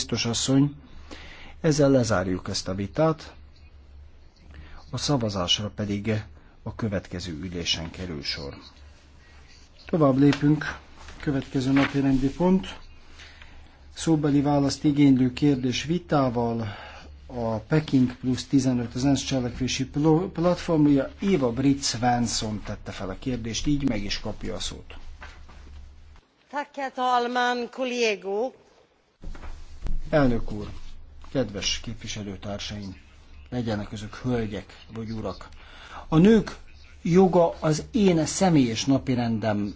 Biztos asszony, ezzel lezárjuk ezt a vitát, a szavazásra pedig a következő ülésen kerül sor. Tovább lépünk, következő napi rendi pont. Szóbeli választ igénylő kérdés vitával a Peking plusz 15 az ENSZ cselekvési platformja Éva Brit Svensson tette fel a kérdést, így meg is kapja a szót. Tack, herr talman, kollégok! Elnök úr, kedves képviselőtársaim, legyenek azok hölgyek vagy urak. A nők joga az én személyes napirendem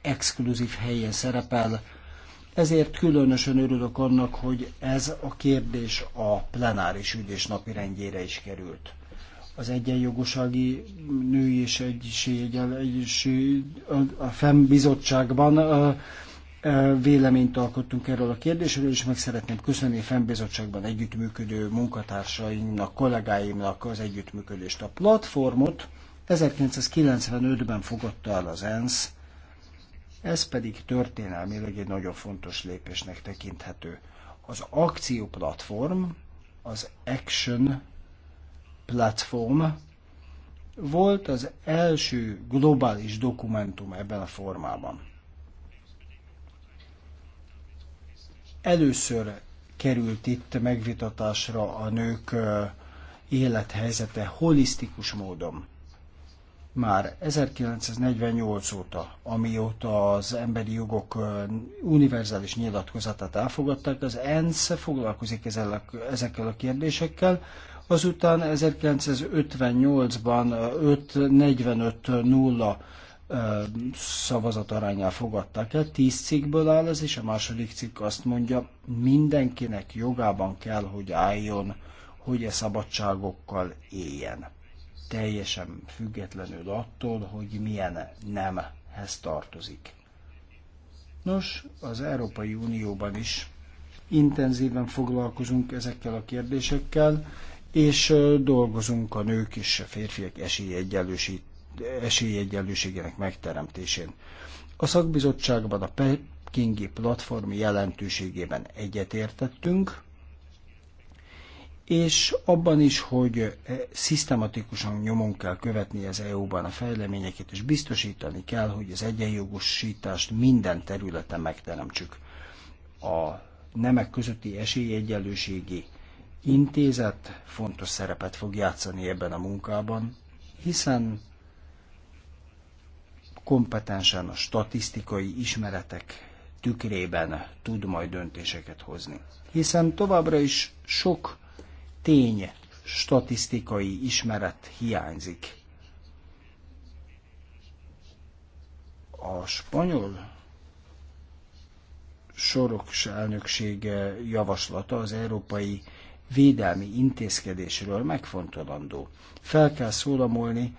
exkluzív helyén szerepel, ezért különösen örülök annak, hogy ez a kérdés a plenáris ügyés napirendjére is került. Az egyenjogosági női és egység, egyiség a FEM bizottságban véleményt alkottunk erről a kérdésről, és meg szeretném köszönni a Fennbizottságban együttműködő munkatársainknak, kollégáimnak az együttműködést. A platformot 1995-ben fogadta el az ENSZ, ez pedig történelmileg egy nagyon fontos lépésnek tekinthető. Az akcióplatform, az Action Platform volt az első globális dokumentum ebben a formában Először került itt megvitatásra a nők élethelyzete holisztikus módon. Már 1948 óta, amióta az emberi jogok univerzális nyilatkozatát elfogadták, az ENSZ foglalkozik ezzel, ezekkel a kérdésekkel, azután 1958-ban 545 0 szavazatarányjal fogadták el. Tíz cikkből áll ez, és a második cikk azt mondja, mindenkinek jogában kell, hogy álljon, hogy a e szabadságokkal éljen. Teljesen függetlenül attól, hogy milyen nemhez tartozik. Nos, az Európai Unióban is intenzíven foglalkozunk ezekkel a kérdésekkel, és dolgozunk a nők és a férfiak esélyegyenlősít esélyegyenlőségének megteremtésén. A szakbizottságban a Pekingi platform jelentőségében egyetértettünk, és abban is, hogy szisztematikusan nyomon kell követni az EU-ban a fejleményeket, és biztosítani kell, hogy az egyenjogosítást minden területen megteremtsük. A nemek közötti esélyegyenlőségi intézet fontos szerepet fog játszani ebben a munkában, hiszen kompetensen a statisztikai ismeretek tükrében tud majd döntéseket hozni. Hiszen továbbra is sok tény statisztikai ismeret hiányzik. A spanyol soros elnökség javaslata az európai védelmi intézkedésről megfontolandó. Fel kell szólamolni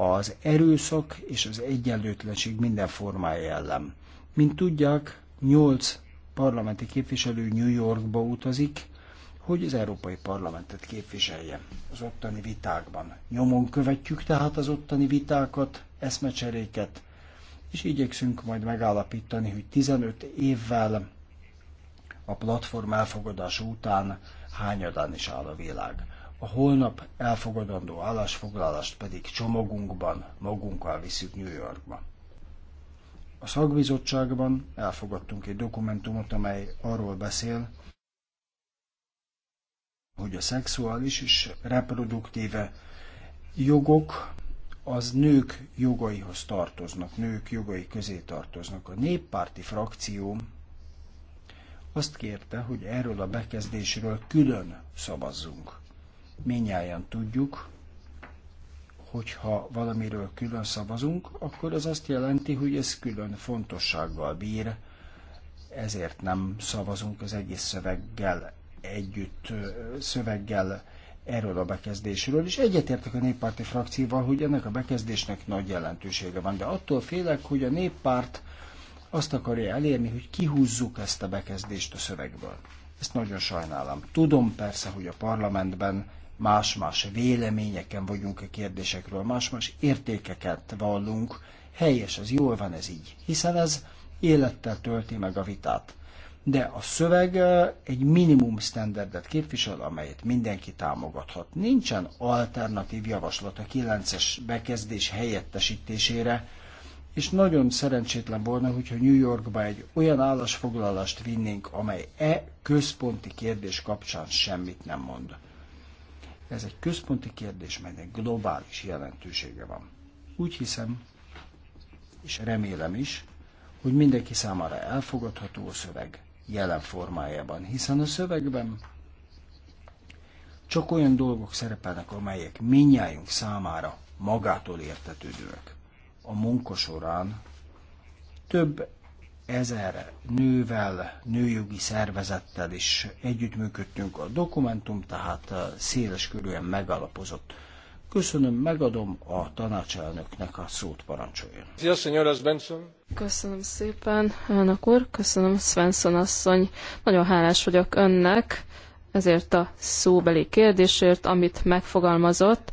az erőszak és az egyenlőtlenség minden formája ellen. Mint tudják, nyolc parlamenti képviselő New Yorkba utazik, hogy az Európai Parlamentet képviselje az ottani vitákban. Nyomon követjük tehát az ottani vitákat, eszmecseréket, és igyekszünk majd megállapítani, hogy 15 évvel a platform elfogadása után hányadán is áll a világ a holnap elfogadandó állásfoglalást pedig csomagunkban magunkkal viszük New Yorkba. A szakbizottságban elfogadtunk egy dokumentumot, amely arról beszél, hogy a szexuális és reproduktíve jogok az nők jogaihoz tartoznak, nők jogai közé tartoznak. A néppárti frakció azt kérte, hogy erről a bekezdésről külön szavazzunk. Minnyáján tudjuk, hogyha valamiről külön szavazunk, akkor az azt jelenti, hogy ez külön fontossággal bír, ezért nem szavazunk az egész szöveggel együtt, szöveggel erről a bekezdésről, és egyetértek a néppárti frakcióval, hogy ennek a bekezdésnek nagy jelentősége van, de attól félek, hogy a néppárt azt akarja elérni, hogy kihúzzuk ezt a bekezdést a szövegből. Ezt nagyon sajnálom. Tudom persze, hogy a parlamentben más-más véleményeken vagyunk a kérdésekről, más-más értékeket vallunk, helyes, ez jól van ez így, hiszen ez élettel tölti meg a vitát. De a szöveg egy minimum standardet képvisel, amelyet mindenki támogathat. Nincsen alternatív javaslat a 9-es bekezdés helyettesítésére, és nagyon szerencsétlen volna, hogyha New Yorkba egy olyan állásfoglalást vinnénk, amely e központi kérdés kapcsán semmit nem mond. Ez egy központi kérdés, melynek globális jelentősége van. Úgy hiszem, és remélem is, hogy mindenki számára elfogadható a szöveg jelen formájában, hiszen a szövegben csak olyan dolgok szerepelnek, amelyek minnyájunk számára magától értetődőek. A munka során több ezer nővel, nőjogi szervezettel is együttműködtünk. A dokumentum tehát uh, széles körülön megalapozott. Köszönöm, megadom a tanácselnöknek a szót parancsoljon. Köszönöm szépen, elnök úr, köszönöm Svensson asszony. Nagyon hálás vagyok önnek ezért a szóbeli kérdésért, amit megfogalmazott.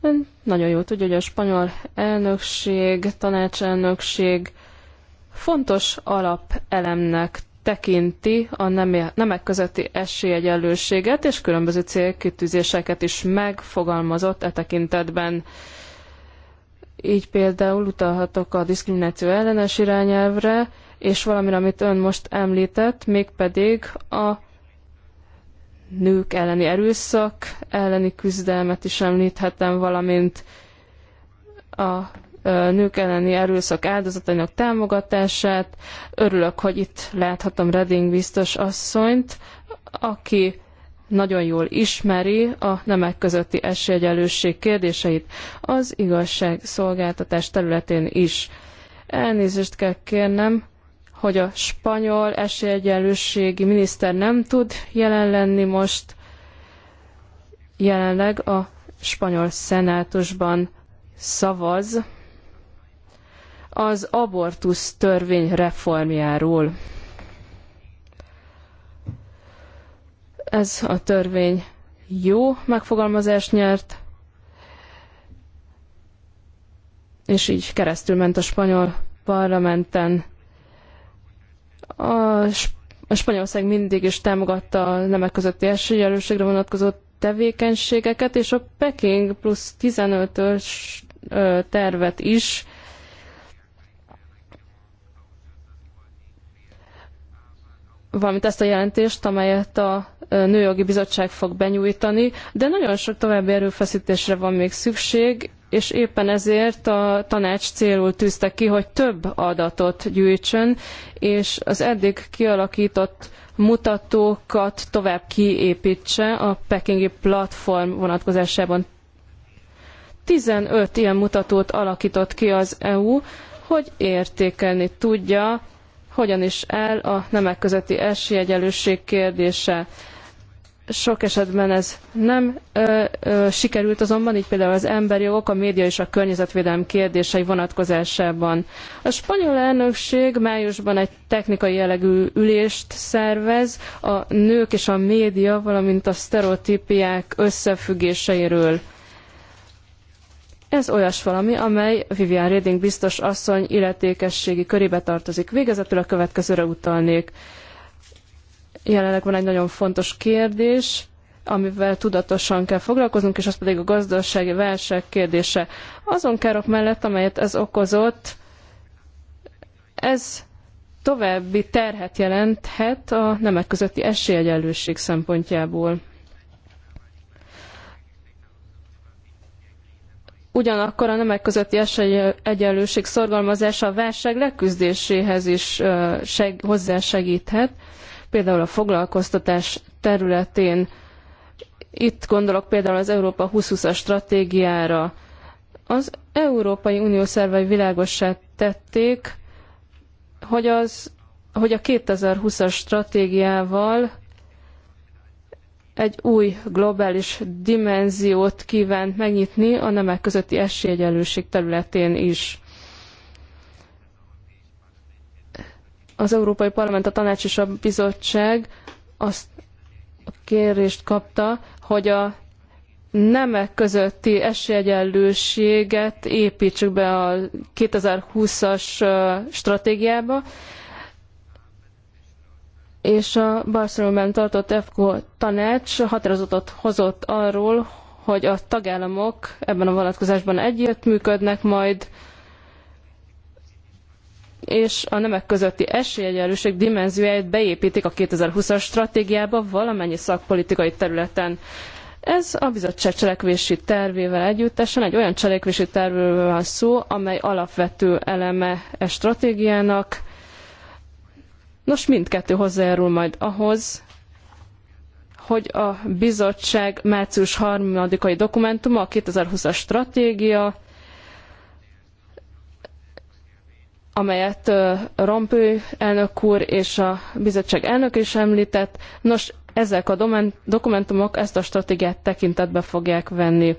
Ön nagyon jó tudja, hogy a spanyol elnökség, tanácselnökség fontos alapelemnek tekinti a nemek közötti esélyegyenlőséget, és különböző célkitűzéseket is megfogalmazott e tekintetben. Így például utalhatok a diszkrimináció ellenes irányelvre, és valamire, amit ön most említett, mégpedig a nők elleni erőszak elleni küzdelmet is említhetem, valamint a nők elleni erőszak áldozatainak támogatását. Örülök, hogy itt láthatom Reding biztos asszonyt, aki nagyon jól ismeri a nemek közötti esélyegyenlőség kérdéseit az igazságszolgáltatás területén is. Elnézést kell kérnem, hogy a spanyol esélyegyenlőségi miniszter nem tud jelen lenni most. Jelenleg a spanyol szenátusban szavaz az abortusz törvény reformjáról. Ez a törvény jó megfogalmazást nyert, és így keresztülment a spanyol parlamenten. A, sp a Spanyolország mindig is támogatta a nemek közötti esélyelőségre vonatkozó tevékenységeket, és a Peking plusz 15-ös tervet is valamint ezt a jelentést, amelyet a Nőjogi Bizottság fog benyújtani, de nagyon sok további erőfeszítésre van még szükség, és éppen ezért a tanács célul tűzte ki, hogy több adatot gyűjtsön, és az eddig kialakított mutatókat tovább kiépítse a pekingi platform vonatkozásában. 15 ilyen mutatót alakított ki az EU, hogy értékelni tudja hogyan is el a nemek közötti esélyegyelőség kérdése. Sok esetben ez nem ö, ö, sikerült, azonban így például az emberi jogok, a média és a környezetvédelem kérdései vonatkozásában. A spanyol elnökség májusban egy technikai jellegű ülést szervez a nők és a média, valamint a sztereotípiák összefüggéseiről. Ez olyas valami, amely Vivian Reding biztos asszony illetékességi körébe tartozik. Végezetül a következőre utalnék. Jelenleg van egy nagyon fontos kérdés, amivel tudatosan kell foglalkoznunk, és az pedig a gazdasági válság kérdése. Azon károk mellett, amelyet ez okozott, ez további terhet jelenthet a nemek közötti esélyegyenlőség szempontjából. Ugyanakkor a nemek közötti esély egyenlőség szorgalmazása a válság leküzdéséhez is seg, hozzásegíthet, például a foglalkoztatás területén. Itt gondolok például az Európa 2020-as stratégiára. Az Európai Unió szervei világossá tették, hogy, az, hogy a 2020-as stratégiával egy új globális dimenziót kívánt megnyitni a nemek közötti esélyegyenlőség területén is. Az Európai Parlament, a Tanács és a Bizottság azt a kérést kapta, hogy a nemek közötti esélyegyenlőséget építsük be a 2020-as stratégiába, és a Barcelonában tartott EFKO tanács határozatot hozott arról, hogy a tagállamok ebben a vonatkozásban együtt működnek majd, és a nemek közötti esélyegyenlőség dimenzióját beépítik a 2020-as stratégiába valamennyi szakpolitikai területen. Ez a bizottság cselekvési tervével együttesen egy olyan cselekvési tervről van szó, amely alapvető eleme e stratégiának, Nos, mindkettő hozzájárul majd ahhoz, hogy a bizottság március 3-ai dokumentuma, a 2020-as stratégia, amelyet Rompő elnök úr és a bizottság elnök is említett. Nos, ezek a dokumentumok ezt a stratégiát tekintetbe fogják venni.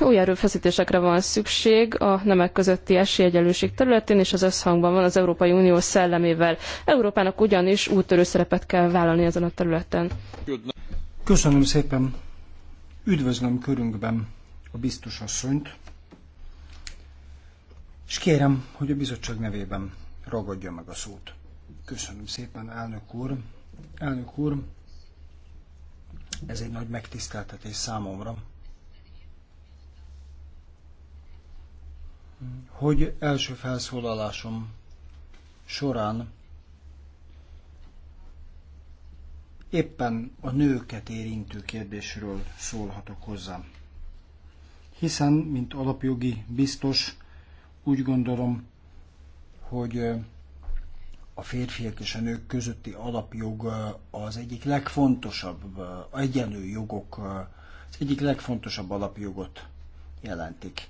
Új erőfeszítésekre van szükség a nemek közötti esélyegyenlőség területén, és az összhangban van az Európai Unió szellemével. Európának ugyanis úttörő szerepet kell vállalni ezen a területen. Köszönöm szépen. Üdvözlöm körünkben a biztos asszonyt, és kérem, hogy a bizottság nevében ragadja meg a szót. Köszönöm szépen, elnök úr. Elnök úr, ez egy nagy megtiszteltetés számomra, hogy első felszólalásom során éppen a nőket érintő kérdésről szólhatok hozzá, Hiszen, mint alapjogi biztos, úgy gondolom, hogy a férfiak és a nők közötti alapjog az egyik legfontosabb, egyenlő jogok, az egyik legfontosabb alapjogot jelentik.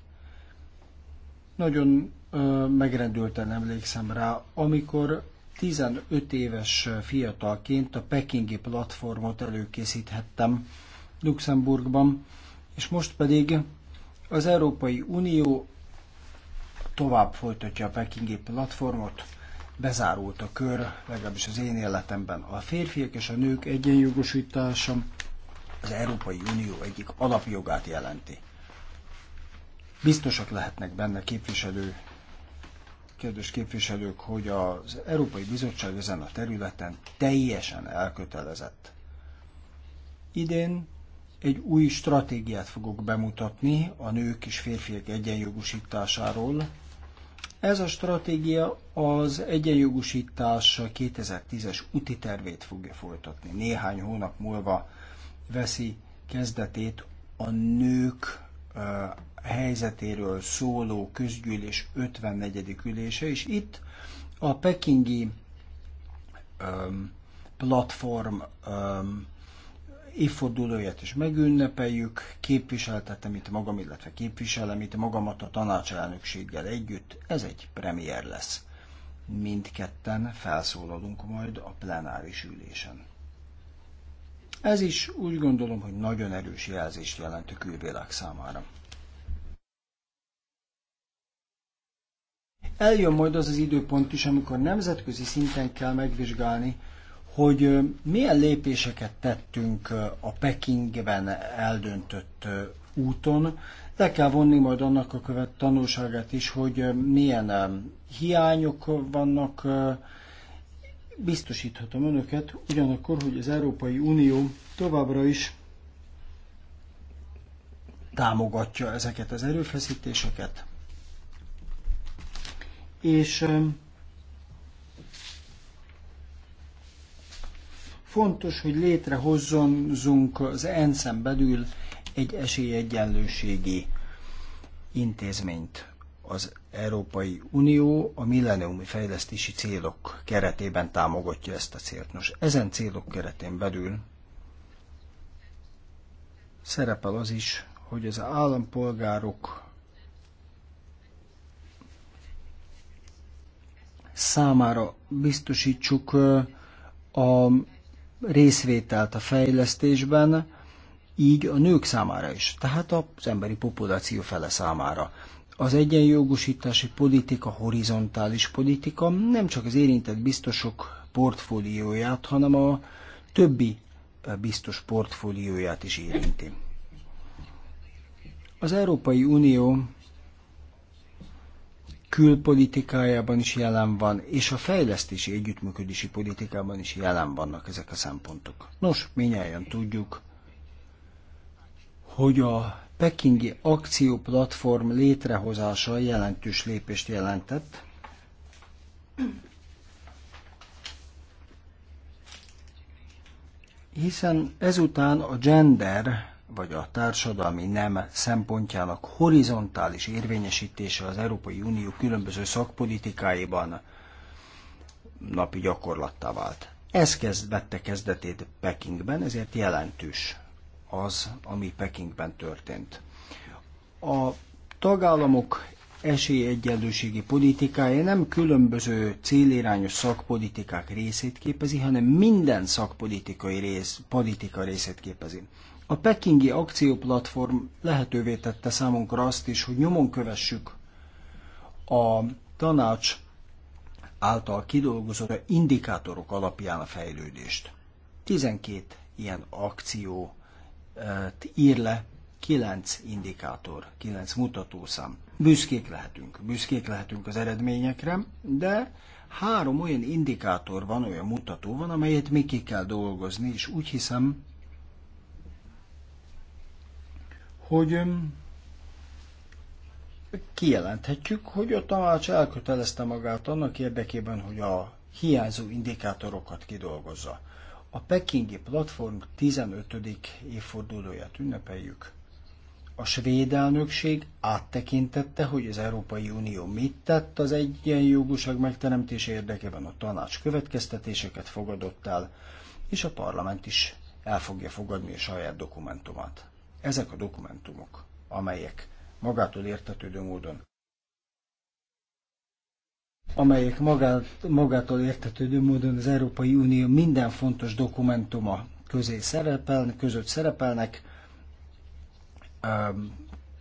Nagyon ö, megrendülten emlékszem rá, amikor 15 éves fiatalként a pekingi platformot előkészíthettem Luxemburgban, és most pedig az Európai Unió tovább folytatja a pekingi platformot, bezárult a kör, legalábbis az én életemben. A férfiak és a nők egyenjogosítása az Európai Unió egyik alapjogát jelenti. Biztosak lehetnek benne képviselő, kedves képviselők, hogy az Európai Bizottság ezen a területen teljesen elkötelezett. Idén egy új stratégiát fogok bemutatni a nők és férfiak egyenjogosításáról. Ez a stratégia az egyenjogosítás 2010-es úti tervét fogja folytatni. Néhány hónap múlva veszi kezdetét a nők helyzetéről szóló közgyűlés 54. ülése, és itt a pekingi um, platform um, évfordulóját is megünnepeljük. Képviseltetem itt magam, illetve képviselem itt magamat a tanácselnökséggel együtt. Ez egy premier lesz. Mindketten felszólalunk majd a plenáris ülésen. Ez is úgy gondolom, hogy nagyon erős jelzést jelent a külvilág számára. Eljön majd az az időpont is, amikor nemzetközi szinten kell megvizsgálni, hogy milyen lépéseket tettünk a Pekingben eldöntött úton, le kell vonni majd annak a követ tanulságát is, hogy milyen hiányok vannak. Biztosíthatom önöket, ugyanakkor, hogy az Európai Unió továbbra is támogatja ezeket az erőfeszítéseket, és fontos, hogy létrehozzunk az ensz belül egy esélyegyenlőségi intézményt. Az Európai Unió a milleniumi fejlesztési célok keretében támogatja ezt a célt. Nos, ezen célok keretén belül szerepel az is, hogy az állampolgárok számára biztosítsuk a részvételt a fejlesztésben, így a nők számára is, tehát az emberi populáció fele számára. Az egyenjogosítási politika horizontális politika nem csak az érintett biztosok portfólióját, hanem a többi biztos portfólióját is érinti. Az Európai Unió külpolitikájában is jelen van, és a fejlesztési együttműködési politikában is jelen vannak ezek a szempontok. Nos, minnyáján tudjuk, hogy a pekingi akcióplatform létrehozása jelentős lépést jelentett. Hiszen ezután a gender vagy a társadalmi nem szempontjának horizontális érvényesítése az Európai Unió különböző szakpolitikáiban napi gyakorlattá vált. Ez kezd, vette kezdetét Pekingben, ezért jelentős az, ami Pekingben történt. A tagállamok esélyegyenlőségi politikája nem különböző célirányos szakpolitikák részét képezi, hanem minden szakpolitikai rész, politika részét képezi. A pekingi akcióplatform lehetővé tette számunkra azt is, hogy nyomon kövessük a tanács által kidolgozott indikátorok alapján a fejlődést. 12 ilyen akció ír le 9 indikátor, 9 mutatószám. Büszkék lehetünk, büszkék lehetünk az eredményekre, de három olyan indikátor van, olyan mutató van, amelyet még ki kell dolgozni, és úgy hiszem, hogy kijelenthetjük, hogy a tanács elkötelezte magát annak érdekében, hogy a hiányzó indikátorokat kidolgozza. A pekingi platform 15. évfordulóját ünnepeljük. A svéd elnökség áttekintette, hogy az Európai Unió mit tett az egyenjogúság megteremtése érdekében, a tanács következtetéseket fogadott el, és a parlament is el fogja fogadni a saját dokumentumát. Ezek a dokumentumok, amelyek magától értetődő módon amelyek magát, magától értetődő módon az Európai Unió minden fontos dokumentuma közé szerepelnek, között szerepelnek,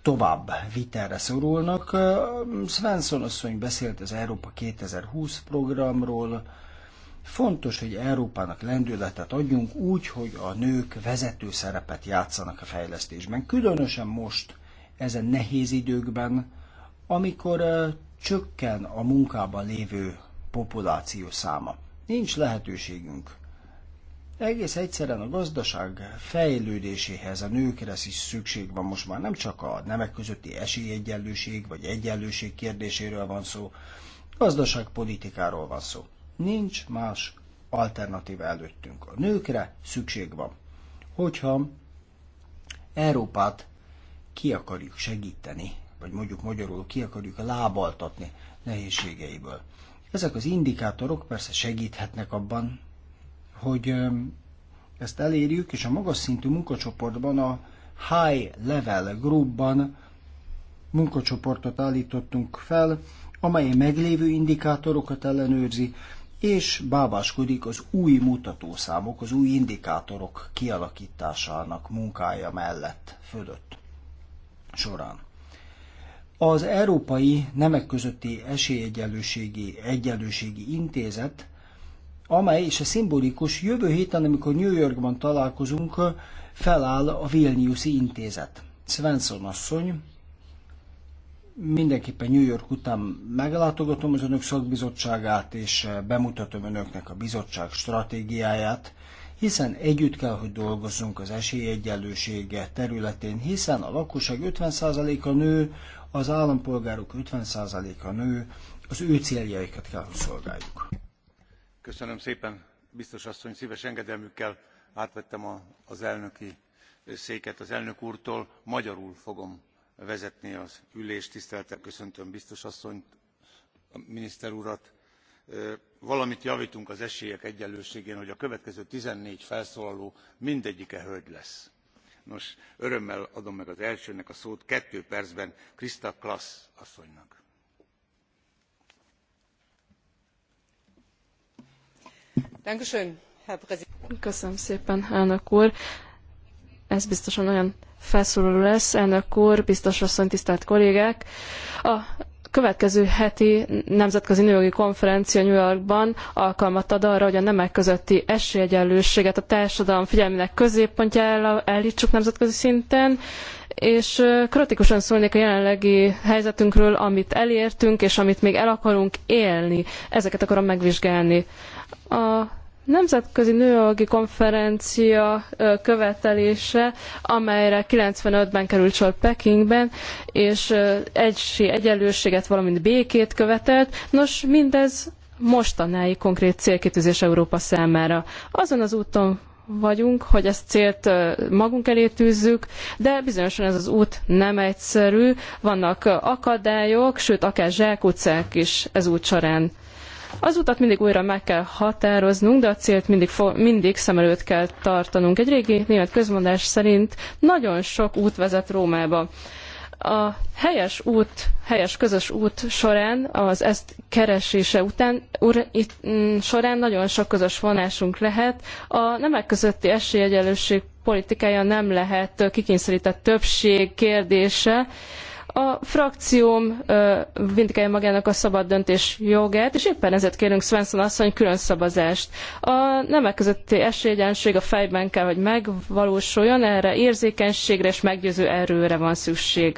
tovább vitelre szorulnak. Svensson asszony beszélt az Európa 2020 programról, Fontos, hogy Európának lendületet adjunk úgy, hogy a nők vezető szerepet játszanak a fejlesztésben. Különösen most, ezen nehéz időkben, amikor csökken a munkában lévő populáció száma. Nincs lehetőségünk. Egész egyszerűen a gazdaság fejlődéséhez a nőkre is szükség van most már, nem csak a nemek közötti esélyegyenlőség vagy egyenlőség kérdéséről van szó, gazdaságpolitikáról van szó. Nincs más alternatíva előttünk. A nőkre szükség van. Hogyha Európát ki akarjuk segíteni, vagy mondjuk magyarul ki akarjuk lábaltatni nehézségeiből. Ezek az indikátorok persze segíthetnek abban, hogy ezt elérjük, és a magas szintű munkacsoportban, a high level groupban munkacsoportot állítottunk fel, amely meglévő indikátorokat ellenőrzi, és bábáskodik az új mutatószámok, az új indikátorok kialakításának munkája mellett, fölött során. Az Európai Nemek Közötti Esélyegyenlőségi Egyenlőségi Intézet, amely, és a szimbolikus, jövő héten, amikor New Yorkban találkozunk, feláll a Vilniuszi Intézet. Svensson asszony, mindenképpen New York után meglátogatom az önök szakbizottságát, és eh, bemutatom önöknek a bizottság stratégiáját, hiszen együtt kell, hogy dolgozzunk az esélyegyenlősége területén, hiszen a lakosság 50%-a nő, az állampolgárok 50%-a nő, az ő céljaikat kell, hogy szolgáljuk. Köszönöm szépen, biztos asszony, szíves engedelmükkel átvettem a, az elnöki széket az elnök úrtól, magyarul fogom vezetni az ülést tisztelettel köszöntöm biztos asszonyt miniszter urat valamit javtunk az esélyek egyenlőségén hogy a következő fourteen felszólaló mindegyike hölgy lesz. nos örömmel adom meg az elsőnek a szót two percben krista klass asszonynak. köszönöm szépen elnök úr ez biztosan olyan felszólaló lesz, elnök úr, biztos asszony, tisztelt kollégák. A következő heti nemzetközi nőjogi konferencia New Yorkban alkalmat ad arra, hogy a nemek közötti esélyegyenlőséget a társadalom figyelmének középpontjára állítsuk nemzetközi szinten, és kritikusan szólnék a jelenlegi helyzetünkről, amit elértünk, és amit még el akarunk élni. Ezeket akarom megvizsgálni. A nemzetközi nőjogi konferencia követelése, amelyre 95-ben került sor Pekingben, és egység, egyenlőséget, valamint békét követelt. Nos, mindez mostanáig konkrét célkitűzés Európa számára. Azon az úton vagyunk, hogy ezt célt magunk elé tűzzük, de bizonyosan ez az út nem egyszerű, vannak akadályok, sőt akár zsákutcák is ez út során. Az utat mindig újra meg kell határoznunk, de a célt mindig, mindig szem előtt kell tartanunk. Egy régi német közmondás szerint nagyon sok út vezet Rómába a helyes út, helyes közös út során, az ezt keresése után, ur, itt, mm, során nagyon sok közös vonásunk lehet. A nemek közötti esélyegyenlőség politikája nem lehet kikényszerített többség kérdése, a frakcióm vindikálja magának a szabad döntés jogát, és éppen ezért kérünk Svensson asszony külön szavazást. A nemek közötti esélyegyenség a fejben kell, hogy megvalósuljon, erre érzékenységre és meggyőző erőre van szükség.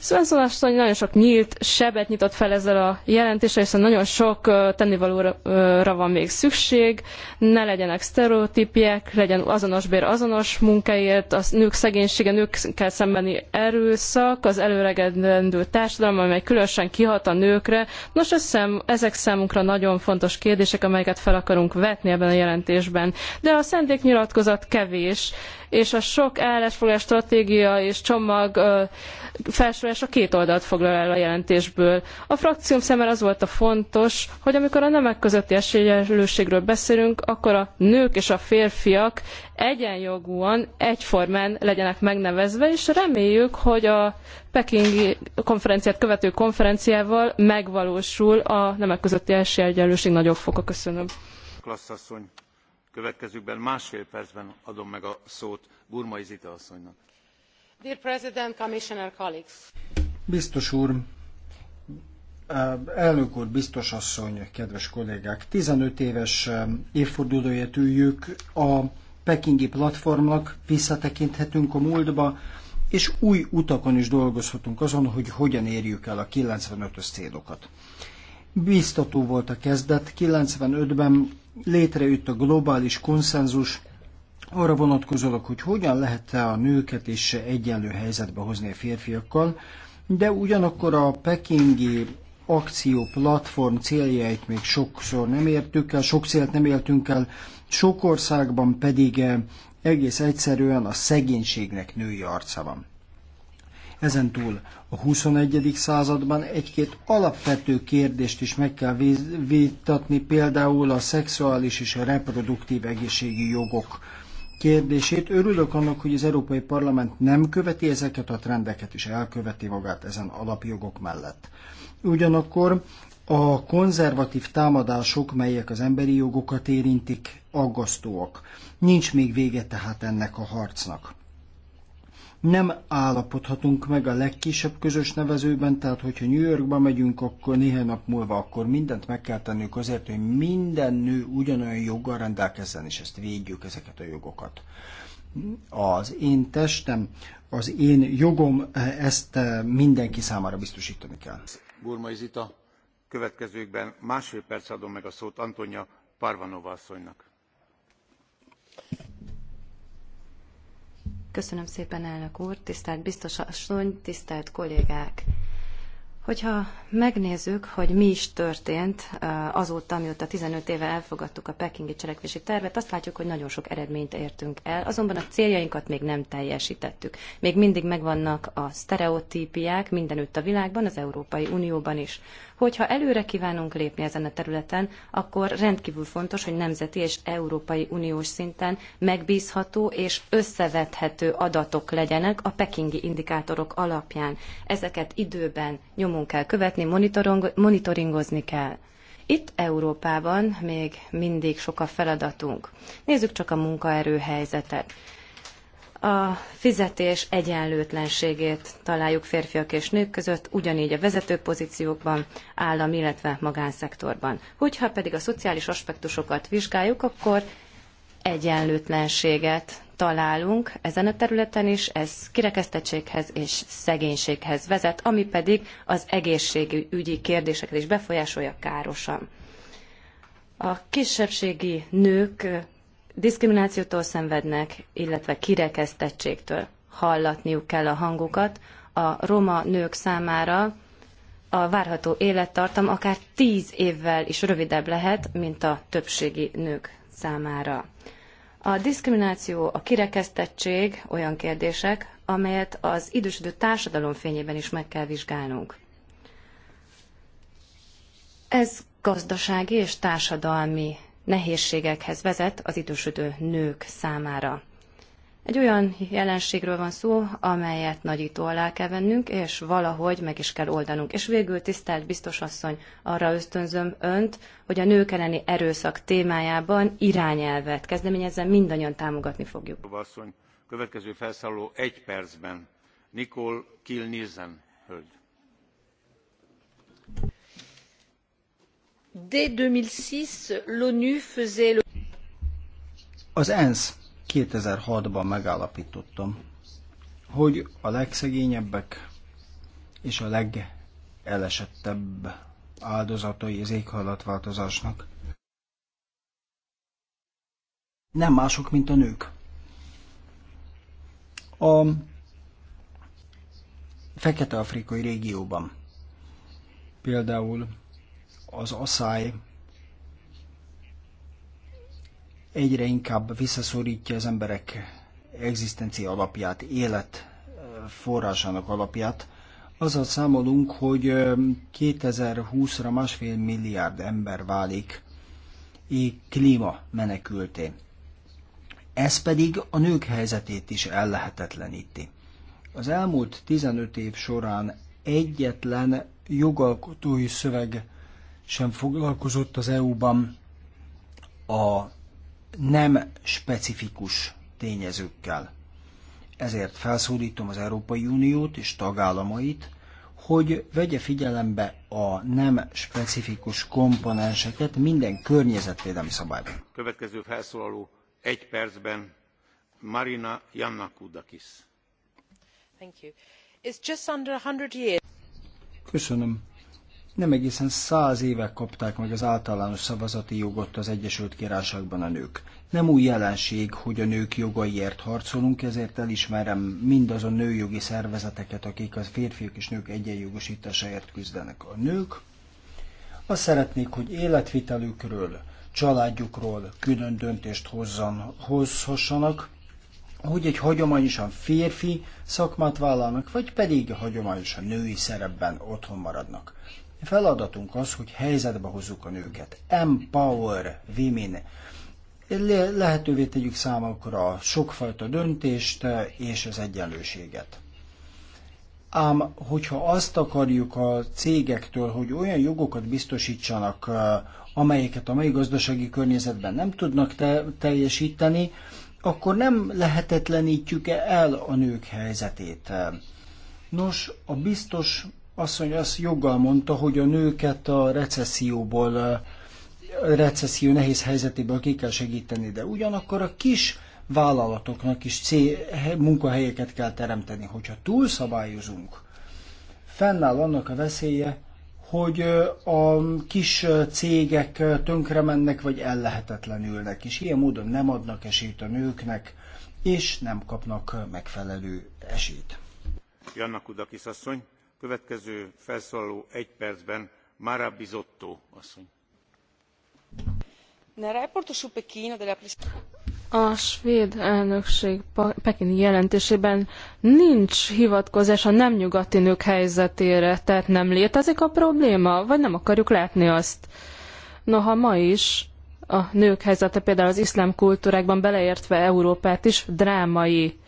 Svensson asszony nagyon sok nyílt sebet nyitott fel ezzel a jelentéssel, hiszen nagyon sok tennivalóra van még szükség, ne legyenek sztereotípiek, legyen azonos bér azonos munkáért, a nők szegénysége, nőkkel szembeni erőszak, az előregedendő társadalom, amely különösen kihat a nőkre. Nos, szem, ezek számunkra nagyon fontos kérdések, amelyeket fel akarunk vetni ebben a jelentésben. De a szendéknyilatkozat kevés, és a sok állásfoglalás stratégia és csomag felsorolása két oldalt foglal el a jelentésből. A frakcióm számára az volt a fontos, hogy amikor a nemek közötti esélyelőségről beszélünk, akkor a nők és a férfiak egyenjogúan, egyformán legyenek megnevezve, és reméljük, hogy a pekingi konferenciát követő konferenciával megvalósul a nemek közötti esélyegyenlőség nagyobb foka. Köszönöm. következőkben másfél percben adom meg a szót Gurmai Zita asszonynak. Biztos úr, elnök úr, biztos asszony, kedves kollégák, 15 éves évfordulóját üljük a pekingi platformnak, visszatekinthetünk a múltba, és új utakon is dolgozhatunk azon, hogy hogyan érjük el a 95-ös célokat. Biztató volt a kezdet, 95-ben létrejött a globális konszenzus, arra vonatkozólag, hogy hogyan lehet -e a nőket is egyenlő helyzetbe hozni a férfiakkal, de ugyanakkor a pekingi akció platform céljait még sokszor nem értük el, sok célt nem éltünk el, sok országban pedig eh, egész egyszerűen a szegénységnek női arca van. Ezen túl a 21. században egy-két alapvető kérdést is meg kell vitatni, például a szexuális és a reproduktív egészségi jogok kérdését. Örülök annak, hogy az Európai Parlament nem követi ezeket a trendeket, és elköveti magát ezen alapjogok mellett. Ugyanakkor a konzervatív támadások, melyek az emberi jogokat érintik, aggasztóak. Nincs még vége tehát ennek a harcnak nem állapodhatunk meg a legkisebb közös nevezőben, tehát hogyha New Yorkba megyünk, akkor néhány nap múlva akkor mindent meg kell tennünk azért, hogy minden nő ugyanolyan joggal rendelkezzen, és ezt védjük, ezeket a jogokat. Az én testem, az én jogom, ezt eh, mindenki számára biztosítani kell. Burmai Zita, következőkben másfél perc adom meg a szót Antonia Parvanova asszonynak Köszönöm szépen, elnök úr, tisztelt biztos asszony, tisztelt kollégák! Hogyha megnézzük, hogy mi is történt azóta, mióta 15 éve elfogadtuk a pekingi cselekvési tervet, azt látjuk, hogy nagyon sok eredményt értünk el, azonban a céljainkat még nem teljesítettük. Még mindig megvannak a sztereotípiák mindenütt a világban, az Európai Unióban is. Hogyha előre kívánunk lépni ezen a területen, akkor rendkívül fontos, hogy nemzeti és európai uniós szinten megbízható és összevethető adatok legyenek a pekingi indikátorok alapján. Ezeket időben nyomon kell követni, monitoringozni kell. Itt Európában még mindig sok a feladatunk. Nézzük csak a munkaerő helyzetet a fizetés egyenlőtlenségét találjuk férfiak és nők között, ugyanígy a vezető pozíciókban, állam, illetve magánszektorban. Hogyha pedig a szociális aspektusokat vizsgáljuk, akkor egyenlőtlenséget találunk ezen a területen is, ez kirekesztettséghez és szegénységhez vezet, ami pedig az egészségügyi kérdéseket is befolyásolja károsan. A kisebbségi nők diszkriminációtól szenvednek, illetve kirekesztettségtől hallatniuk kell a hangukat. A roma nők számára a várható élettartam akár tíz évvel is rövidebb lehet, mint a többségi nők számára. A diszkrimináció, a kirekesztettség olyan kérdések, amelyet az idősödő társadalom fényében is meg kell vizsgálnunk. Ez gazdasági és társadalmi nehézségekhez vezet az idősödő nők számára. Egy olyan jelenségről van szó, amelyet nagyító alá kell vennünk, és valahogy meg is kell oldanunk. És végül, tisztelt biztos asszony, arra ösztönzöm önt, hogy a nők elleni erőszak témájában irányelvet kezdeményezzen, mindannyian támogatni fogjuk. Asszony, következő felszálló egy percben, Nikol Kilnizen hölgy. dès deux mille six l'onu faisait le az ENSZ 2006-ban megállapítottam, hogy a legszegényebbek és a legelesettebb áldozatai az éghajlatváltozásnak nem mások, mint a nők. A fekete-afrikai régióban például az asszály egyre inkább visszaszorítja az emberek egzisztencia alapját, élet forrásának alapját. Azzal számolunk, hogy 2020-ra másfél milliárd ember válik klíma menekülté. Ez pedig a nők helyzetét is ellehetetleníti. Az elmúlt 15 év során egyetlen jogalkotói szöveg sem foglalkozott az EU-ban a nem specifikus tényezőkkel. Ezért felszólítom az Európai Uniót és tagállamait, hogy vegye figyelembe a nem specifikus komponenseket minden környezetvédelmi szabályban. Következő felszólaló egy percben Marina Jannakudakis. Thank you. It's just under 100 years. Köszönöm nem egészen száz éve kapták meg az általános szavazati jogot az Egyesült Királyságban a nők. Nem új jelenség, hogy a nők jogaiért harcolunk, ezért elismerem mindazon nőjogi szervezeteket, akik a férfiak és nők egyenjogosításáért küzdenek. A nők azt szeretnék, hogy életvitelükről, családjukról külön döntést hozzan, hozhassanak, hogy egy hagyományosan férfi szakmát vállalnak, vagy pedig hagyományosan női szerepben otthon maradnak. Feladatunk az, hogy helyzetbe hozzuk a nőket. Empower women. Lehetővé tegyük számukra a sokfajta döntést és az egyenlőséget. Ám, hogyha azt akarjuk a cégektől, hogy olyan jogokat biztosítsanak, amelyeket a mai gazdasági környezetben nem tudnak te- teljesíteni, akkor nem lehetetlenítjük -e el a nők helyzetét. Nos, a biztos asszony azt joggal mondta, hogy a nőket a recesszióból, a recesszió nehéz helyzetéből ki kell segíteni, de ugyanakkor a kis vállalatoknak is cél, munkahelyeket kell teremteni. Hogyha túlszabályozunk, fennáll annak a veszélye, hogy a kis cégek tönkre mennek, vagy ellehetetlenülnek, és ilyen módon nem adnak esélyt a nőknek, és nem kapnak megfelelő esélyt. Janna Kudakis asszony következő egy percben asszony. A svéd elnökség pekingi jelentésében nincs hivatkozás a nem nyugati nők helyzetére, tehát nem létezik a probléma, vagy nem akarjuk látni azt. Noha ma is a nők helyzete például az iszlám kultúrákban beleértve Európát is drámai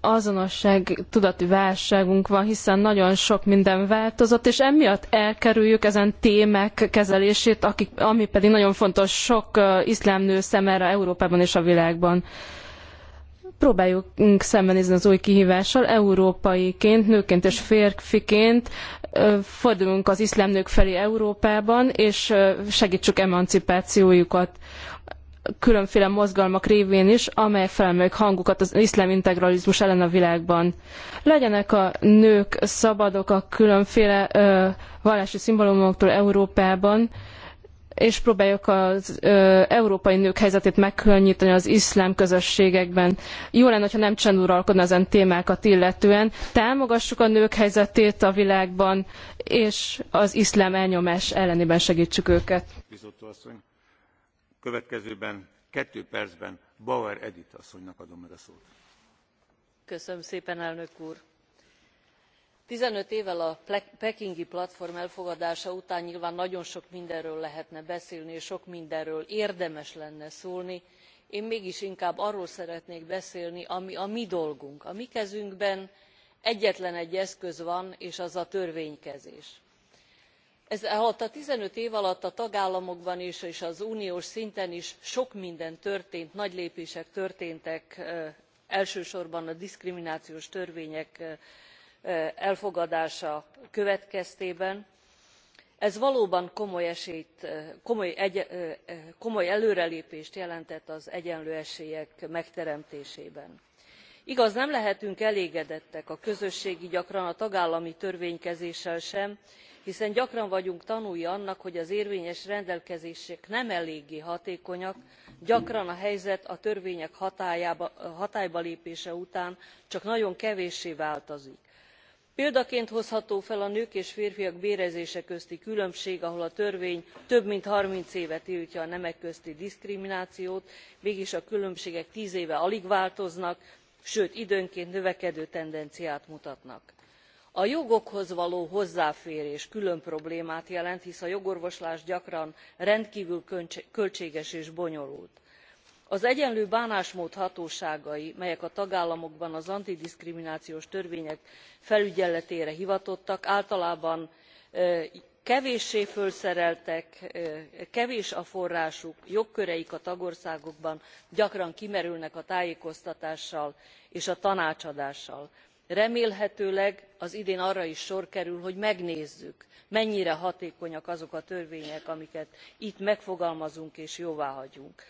azonosság tudati válságunk van, hiszen nagyon sok minden változott, és emiatt elkerüljük ezen témák kezelését, akik, ami pedig nagyon fontos sok uh, iszlám nő szemére Európában és a világban. Próbáljuk szembenézni az új kihívással, európaiként, nőként és férfiként uh, forduljunk az iszlám nők felé Európában, és uh, segítsük emancipációjukat különféle mozgalmak révén is, amely felemelik hangukat az iszlám integralizmus ellen a világban. Legyenek a nők szabadok a különféle ö, vallási szimbólumoktól Európában, és próbáljuk az ö, európai nők helyzetét megkönnyíteni az iszlám közösségekben. Jó lenne, ha nem csend uralkodna ezen témákat illetően. Támogassuk a nők helyzetét a világban, és az iszlám elnyomás ellenében segítsük őket következőben kettő percben bauer edit asszonynak adom meg a szót. Köszönöm szépen, elnök úr! fifteen évvel a pekingi platform elfogadása után nyilván nagyon sok mindenről lehetne beszélni és sok mindenről érdemes lenne szólni én mégis inkább arról szeretnék beszélni ami a mi dolgunk. a mi kezünkben egyetlenegy eszköz van és az a törvénykezés ezalatt a fifteen év alatt a tagállamokban is és az uniós szinten is sok minden történt nagy lépések történtek elsősorban a diszkriminációs törvények elfogadása következtében. ez valóban komoly előrelépést jelentett az egyenlő esélyek megteremtésében. igaz nem lehetünk elégedettek a közösségi gyakran a tagállami törvénykezéssel sem hiszen gyakran vagyunk tanúi annak hogy az érvényes rendelkezések nem eléggé hatékonyak gyakran a helyzet a törvények hatálybalépése után csak nagyon kevéssé változik. példaként hozható fel a nők és férfiak bérezése közti különbség ahol a törvény több mint thirty éve tiltja a nemek közti diszkriminációt mégis a különbségek ten éve alig változnak sőt időnként növekedő tendenciát mutatnak a jogokhoz való hozzáférés külön problémát jelent hisz a jogorvoslás gyakran rendkvül költséges és bonyolult. az egyenlő bánásmód hatóságai melyek a tagállamokban az antidiszkriminációs törvények felügyeletére hivatottak általában kevéssé fölszereltek kevés a forrásuk jogköreik a tagországokban gyakran kimerülnek a tájékoztatással és a tanácsadással remélhetőleg az idén arra is sor kerül hogy megnézzük mennyire hatékonyak azok a törvények amiket itt megfogalmazunk és jóváhagyunk.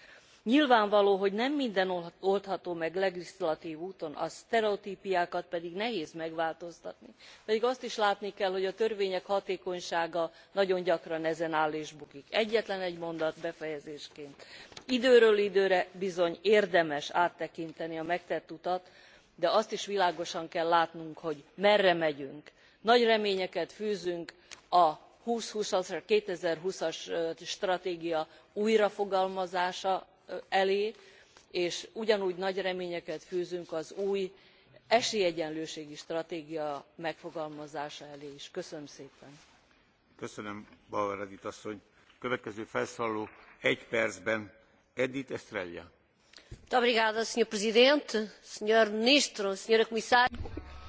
nyilvánvaló hogy nem minden oldható meg legislatv úton a sztereotpiákat pedig nehéz megváltoztatni pedig azt is látni kell hogy a törvények hatékonysága nagyon gyakran ezen áll és bukik. egy mondat befejezésként időről időre bizony érdemes áttekinteni a megtett utat de azt is világosan kell látnunk hogy merre megyünk. nagy reményeket fűzünk a two thousand and twenty as stratégia újrafogalmazása elé és ugyanúgy nagy reményeket fűzünk az új esélyegyenlőségi stratégia megfogalmazása elé is. köszönöm szépen! köszönöm bauer edit asszony. következő felszólaló egy percben edit estrela.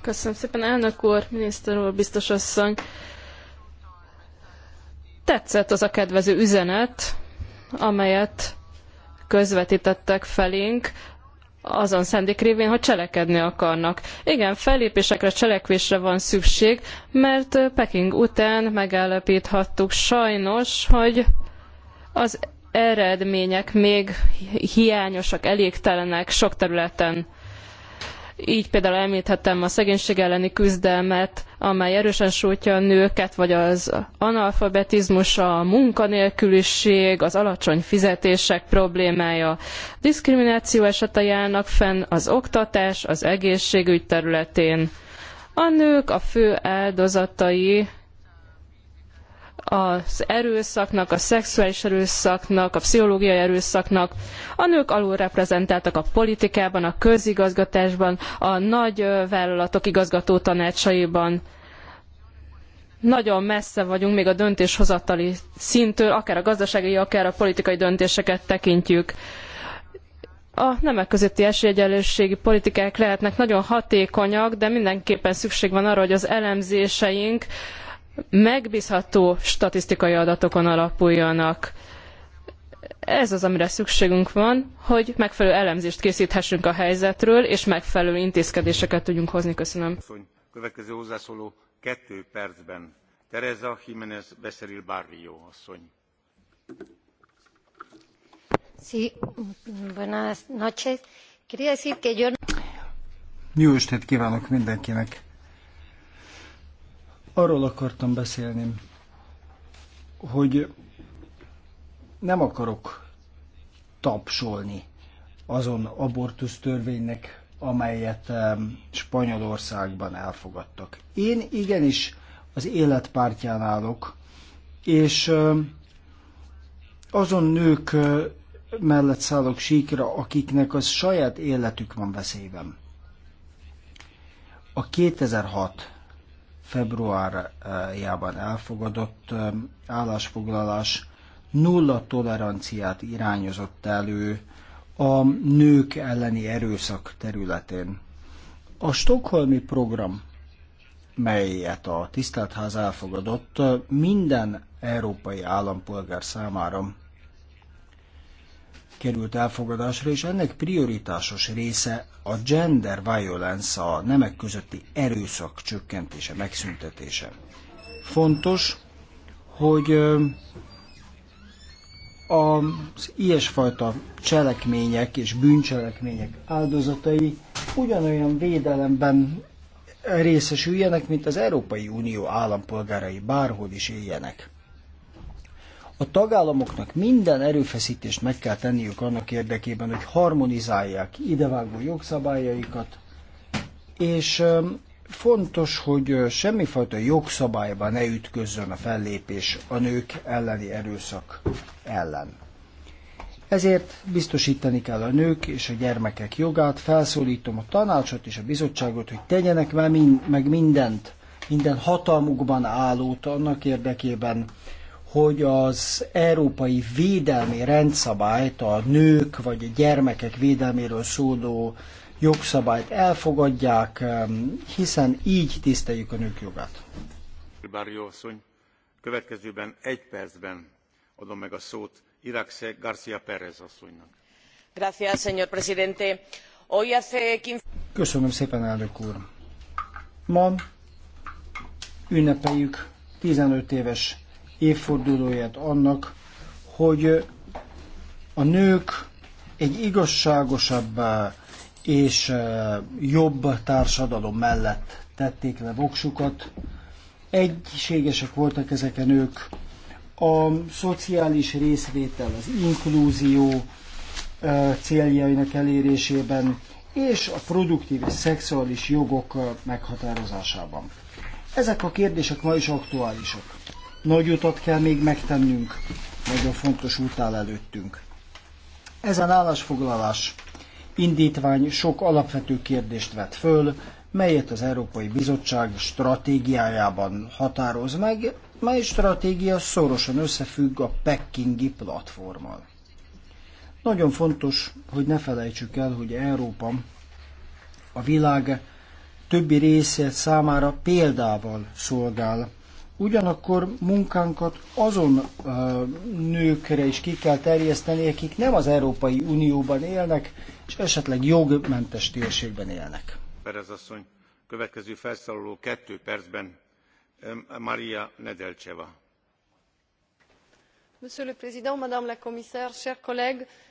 Köszönöm szépen, elnök úr, miniszter úr, biztos asszony. Tetszett az a kedvező üzenet, amelyet közvetítettek felénk, azon szándék révén, hogy cselekedni akarnak. Igen, fellépésekre, cselekvésre van szükség, mert Peking után megállapíthattuk sajnos, hogy az eredmények még hiányosak, elégtelenek sok területen. Így például említhettem a szegénység elleni küzdelmet, amely erősen sújtja a nőket, vagy az analfabetizmus, a munkanélküliség, az alacsony fizetések problémája. A diszkrimináció állnak fenn az oktatás, az egészségügy területén. A nők a fő áldozatai az erőszaknak, a szexuális erőszaknak, a pszichológiai erőszaknak. A nők alulreprezentáltak a politikában, a közigazgatásban, a nagy vállalatok igazgató tanácsaiban. Nagyon messze vagyunk még a döntéshozatali szintől, akár a gazdasági, akár a politikai döntéseket tekintjük a nemek közötti esélyegyenlőségi politikák lehetnek nagyon hatékonyak, de mindenképpen szükség van arra, hogy az elemzéseink megbízható statisztikai adatokon alapuljanak. Ez az, amire szükségünk van, hogy megfelelő elemzést készíthessünk a helyzetről, és megfelelő intézkedéseket tudjunk hozni. Köszönöm. Következő hozzászóló kettő percben. Teresa Jiménez Becerril Barrio asszony. Sí, buenas noches. Quería decir que yo... Jó estét kívánok mindenkinek! Arról akartam beszélni, hogy nem akarok tapsolni azon abortusz törvénynek, amelyet Spanyolországban elfogadtak. Én igenis az életpártján állok, és azon nők mellett szállok síkra, akiknek az saját életük van veszélyben. A 2006 februárjában elfogadott állásfoglalás nulla toleranciát irányozott elő a nők elleni erőszak területén. A Stockholmi program, melyet a tisztelt ház elfogadott, minden európai állampolgár számára került elfogadásra, és ennek prioritásos része a gender violence, a nemek közötti erőszak csökkentése, megszüntetése. Fontos, hogy az ilyesfajta cselekmények és bűncselekmények áldozatai ugyanolyan védelemben részesüljenek, mint az Európai Unió állampolgárai bárhol is éljenek. A tagállamoknak minden erőfeszítést meg kell tenniük annak érdekében, hogy harmonizálják idevágó jogszabályaikat, és fontos, hogy semmifajta jogszabályba ne ütközzön a fellépés a nők elleni erőszak ellen. Ezért biztosítani kell a nők és a gyermekek jogát, felszólítom a tanácsot és a bizottságot, hogy tegyenek meg mindent, minden hatalmukban állót annak érdekében, hogy az európai védelmi rendszabályt, a nők vagy a gyermekek védelméről szóló jogszabályt elfogadják, hiszen így tiszteljük a nők jogát. Bárjó asszony, következőben egy percben adom meg a szót Irakse García Pérez asszonynak. Gracias, señor presidente. Hoy hace 15... Köszönöm szépen, elnök úr. Ma ünnepeljük 15 éves évfordulóját annak, hogy a nők egy igazságosabb és jobb társadalom mellett tették le voksukat. Egységesek voltak ezek a nők. A szociális részvétel, az inklúzió céljainak elérésében és a produktív és szexuális jogok meghatározásában. Ezek a kérdések ma is aktuálisak. Nagy utat kell még megtennünk, nagyon fontos út áll előttünk. Ezen állásfoglalás indítvány sok alapvető kérdést vet föl, melyet az Európai Bizottság stratégiájában határoz meg, mely stratégia szorosan összefügg a Pekingi platformmal. Nagyon fontos, hogy ne felejtsük el, hogy Európa a világ többi részét számára példával szolgál Ugyanakkor munkánkat azon nőkre is ki kell terjeszteni, akik nem az Európai Unióban élnek, és esetleg jogmentes térségben élnek. Perez asszony, következő felszólaló kettő percben Maria Nedelcseva. Monsieur le Président, Madame la Commissaire, chers collègues,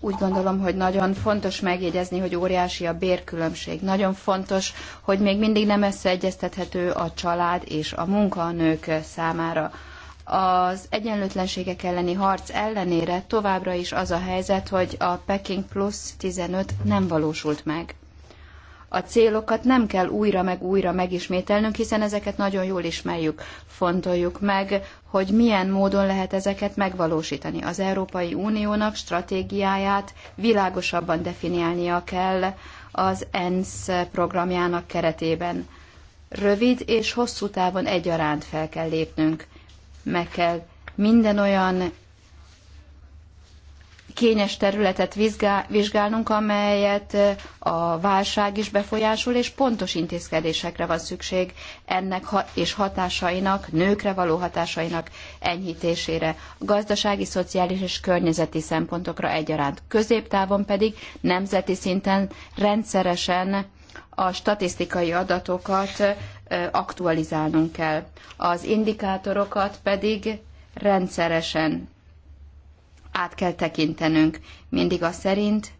úgy gondolom, hogy nagyon fontos megjegyezni, hogy óriási a bérkülönbség. Nagyon fontos, hogy még mindig nem összeegyeztethető a család és a munka a nők számára. Az egyenlőtlenségek elleni harc ellenére továbbra is az a helyzet, hogy a Peking Plus 15 nem valósult meg. A célokat nem kell újra meg újra megismételnünk, hiszen ezeket nagyon jól ismerjük. Fontoljuk meg, hogy milyen módon lehet ezeket megvalósítani. Az Európai Uniónak stratégiáját világosabban definiálnia kell az ENSZ programjának keretében. Rövid és hosszú távon egyaránt fel kell lépnünk. Meg kell minden olyan kényes területet vizsgálnunk, amelyet a válság is befolyásol, és pontos intézkedésekre van szükség ennek és hatásainak, nőkre való hatásainak enyhítésére, gazdasági, szociális és környezeti szempontokra egyaránt. Középtávon pedig nemzeti szinten rendszeresen a statisztikai adatokat aktualizálnunk kell. Az indikátorokat pedig rendszeresen át kell tekintenünk, mindig az szerint,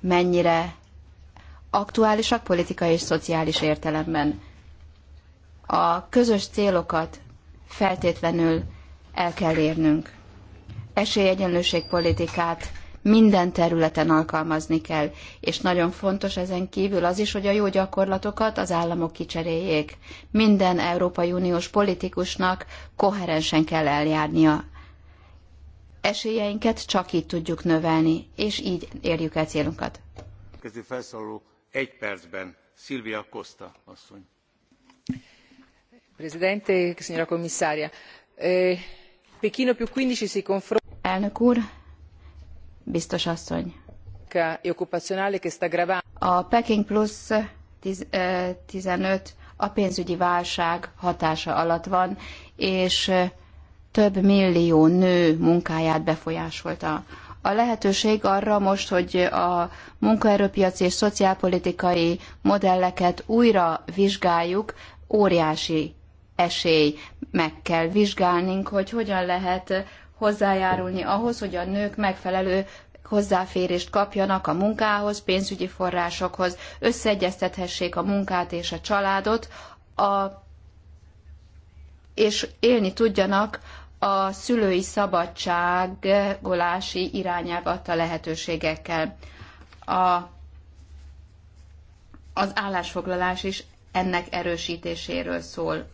mennyire aktuálisak politikai és szociális értelemben. A közös célokat feltétlenül el kell érnünk. Esélyegyenlőség politikát minden területen alkalmazni kell, és nagyon fontos ezen kívül az is, hogy a jó gyakorlatokat az államok kicseréljék. Minden Európai Uniós politikusnak koherensen kell eljárnia esélyeinket csak így tudjuk növelni, és így érjük el célunkat. Kezdő felszólaló egy percben, Szilvia Costa asszony. Presidente, signora commissaria, eh, più 15 si confronta... Elnök úr, biztos asszony. E a Peking plusz 15 eh, a pénzügyi válság hatása alatt van, és eh, több millió nő munkáját befolyásolta. A lehetőség arra most, hogy a munkaerőpiaci és szociálpolitikai modelleket újra vizsgáljuk, óriási esély. Meg kell vizsgálnunk, hogy hogyan lehet hozzájárulni ahhoz, hogy a nők megfelelő hozzáférést kapjanak a munkához, pénzügyi forrásokhoz, összeegyeztethessék a munkát és a családot, a, és élni tudjanak a szülői szabadságolási irányelv adta lehetőségekkel. A, az állásfoglalás is ennek erősítéséről szól.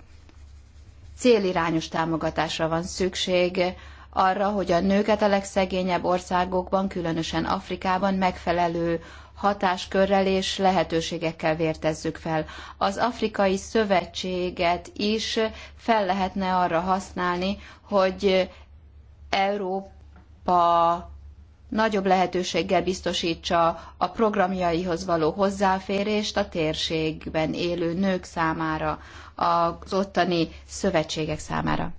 Célirányos támogatásra van szükség arra, hogy a nőket a legszegényebb országokban, különösen Afrikában megfelelő hatáskörrel és lehetőségekkel vértezzük fel. Az Afrikai Szövetséget is fel lehetne arra használni, hogy Európa nagyobb lehetőséggel biztosítsa a programjaihoz való hozzáférést a térségben élő nők számára, az ottani szövetségek számára.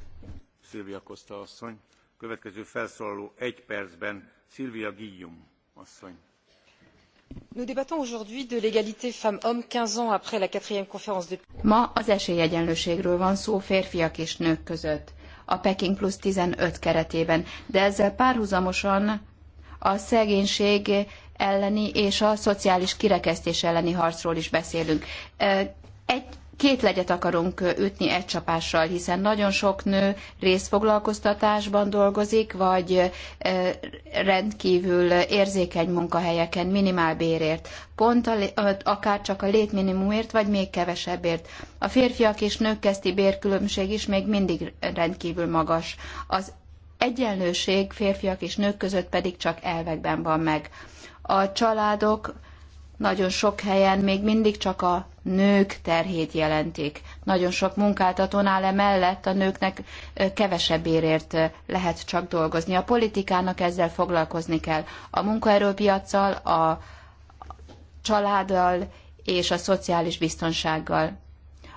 Szilvia Costa asszony, következő felszólaló egy percben Szilvia Guillum asszony nous débattons aujourd'hui de l'égalité femmes hommes quinze ans après la quatrième conférence de Ma az esélyegyenlőségről van szó férfiak és nők között a Peking plusz 15 keretében, de ezzel párhuzamosan a szegénység elleni és a szociális kirekesztés elleni harcról is beszélünk. Egy két legyet akarunk ütni egy csapással, hiszen nagyon sok nő részfoglalkoztatásban dolgozik, vagy e, rendkívül érzékeny munkahelyeken minimálbérért, pont a, akár csak a létminimumért, vagy még kevesebbért. A férfiak és nők közti bérkülönbség is még mindig rendkívül magas. Az egyenlőség férfiak és nők között pedig csak elvekben van meg. A családok nagyon sok helyen még mindig csak a nők terhét jelentik. Nagyon sok munkáltatónál emellett a nőknek kevesebb érért lehet csak dolgozni. A politikának ezzel foglalkozni kell. A munkaerőpiacsal, a családdal és a szociális biztonsággal.